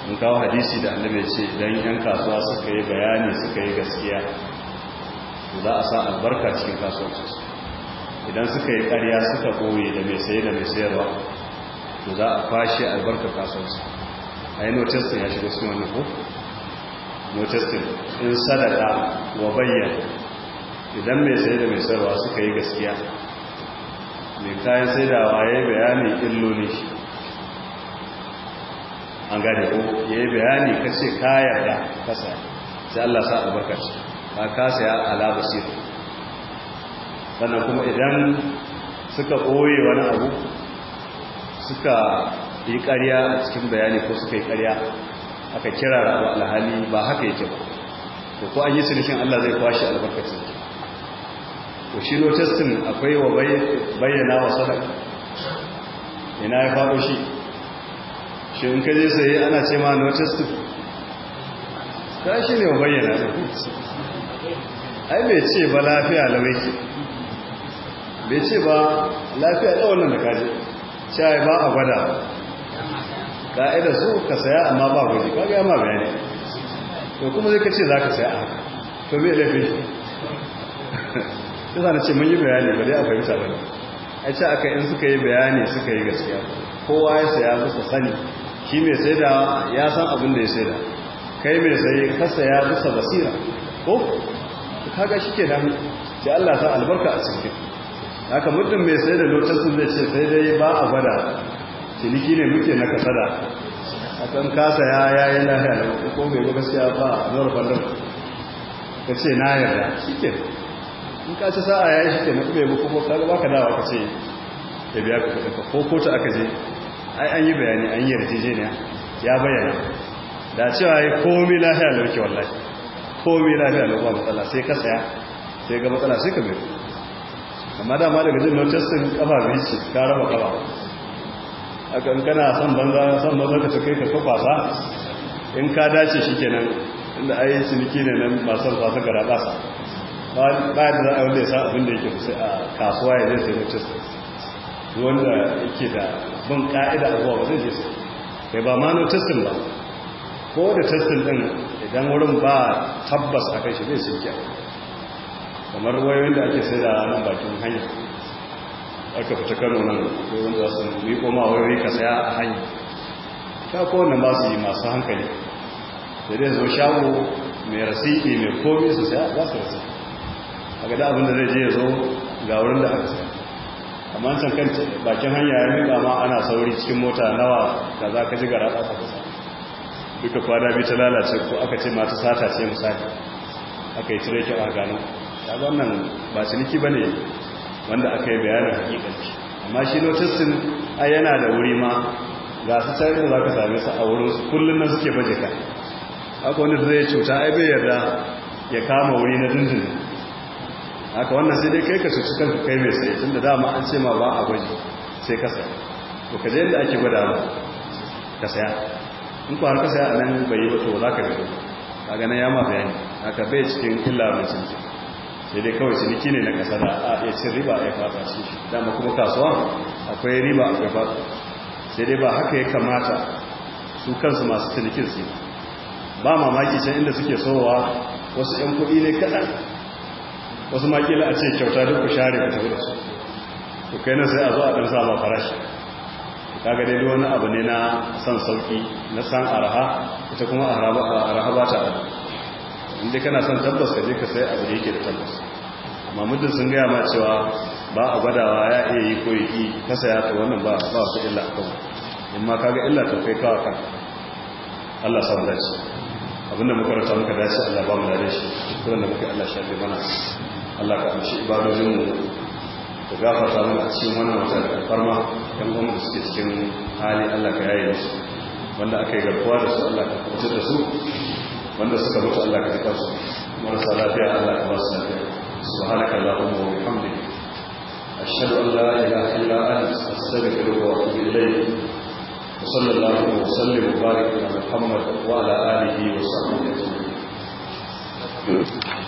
mun kawo hadisi da annabai ce don yan kasuwa suka yi bayani suka yi gaskiya za a sa albarka cikin kasuwanci idan suka yi ƙarya suka ɓoye da mai saye da mai sayarwa to za a fashe albarkar kasuwanci a yi notestin ya shiga cikin nufo ko in sadaka wa bayyana idan mai sai da mai sarwa suka yi gaskiya mai kayan sai da yi bayani illoli an gane ko ya yi bayani ka ce kayan da kasa sai Allah sa albarkar ba kasa ya ala basir sannan kuma idan suka ɓoye wani abu suka yi ƙarya a cikin bayani ko suka yi ƙarya aka kira rabu alhali ba haka yake ba to ko an yi sunishin Allah zai kwashe albarkaci to shi notistin akwai wa bayyana wa sadaka ina ya faɗo shi shi in ka je sai ana ce ma notistin ta shi ne wa bayyana ai bai ce ba lafiya lawai bai ce ba lafiya nan da kaji shayi ba a gwada ka'ida su ka saya amma ba gwaji ka gaya bayani to kuma zai kace za ka saya a to zai lafi shi [LAUGHS] zana ce mun yi bayani ba dai a fahimta ba a ce aka in suka yi bayani suka yi gaskiya kowa ya saya bisa sani shi mai sai da ya san abin da ya sai da kai mai sai ka saya bisa basira ko kaga shi ke nan ce Allah ta albarka a cikin haka mutum mai sai da sun zai ce sai dai ba a gwada ciniki ne muke na kasada kan kasa ya yayi lahiya da ko mai ba gaskiya ba zuwa fallon ka ce na yarda ke in ka ce sa'a shi ke na kuma yabo ko ka baka dawa ka ce ya biya ka kuɗa ko kota aka je ai an yi bayani an yi yarjejeniya ya bayyana da cewa ya komi lahiya lauke wallahi komi lahiya lauke matsala sai ka saya sai ga matsala sai ka mai amma dama daga jin manchester kafa biyu ce ka raba kafa a kankana son banza son banza ka kai ka kwasa in ka dace shi kenan inda a yi ciniki ne nan masu fasa gara basa ba yadda za a wanda ya sa abin da yake kusa a kasuwa ya zai sai manchester wanda yake da bin ka'ida abuwa ba zai je sai kai ba ma testin ba ko da testin din idan wurin ba tabbas a kai shi zai sun kyau kamar wayoyin da ake sai da ranar bakin hanya aka fita kano nan ko wanda su yi koma wayoyi ka saya a hanya ta kowane ba su yi masu hankali da dai zo shago mai rasiki mai komi su saya za su rasu a gada da zai je ya zo ga wurin da aka saya amma can kan bakin hanya ya miƙa ma ana sauri cikin mota nawa da za ka ji gara ta kusa duka kwana bi ta lalace ko aka ce mata sata ce misali aka yi cire ki a ganin ta wannan ba ciniki ba ne wanda aka yi bayanin hakikaci amma shi notisin a yana da wuri ma ga su sai da za ka same su a su kullum nan suke baje ka haka wani zai cuta ai bai yarda ya kama wuri na dindin haka wannan sai dai kai ka cuci kanka kai mai sai tun da dama an ce ma ba a gwaji sai kasa to ka je yadda ake gwada ba ka saya in ku har ka saya a nan bai yi ba to za ka gado kaga na yama bayani haka bai cikin illa mai cinci sai dai kawai ciniki ne na da a iya cin riba ya fata su dama kuma kasuwa akwai riba akwai fata sai dai ba haka ya kamata su kansu masu cinikin su ba mamaki can inda suke sowa wasu 'yan kuɗi ne kaɗan wasu makila a ce kyauta duk ku share ku tafi da su to kai nan sai a zo a ɗan sama farashi kaga dai wani abu ne na san sauki na san araha ita kuma araha ba ta abu inda kana son tabbas ka je ka sai abu da yake da tabbas amma muddin sun gaya ma cewa ba a gwadawa ya iya yi ko yaki kasa saya ta wannan ba ba su illa a kan in ma kaga illa ta kai kawa kan Allah sa dace abinda muka rata muka dace Allah ba mu dare shi kullun da muka Allah shafe mana Allah ka amshi ibadojin mu ka gafarta mana a cikin wannan wata da farma yan uwan da suke cikin hali Allah ka yaye su wanda aka yi garkuwa da su Allah ka kwatar da su wanda suka mutu Allah ka jika su marasa lafiya Allah ka ba su lafiya subhanaka allahumma wa bihamdika ashhadu an la ilaha illa anta astaghfiruka wa atubu ilayk وصلى الله وسلم وبارك على محمد وعلى اله وصحبه اجمعين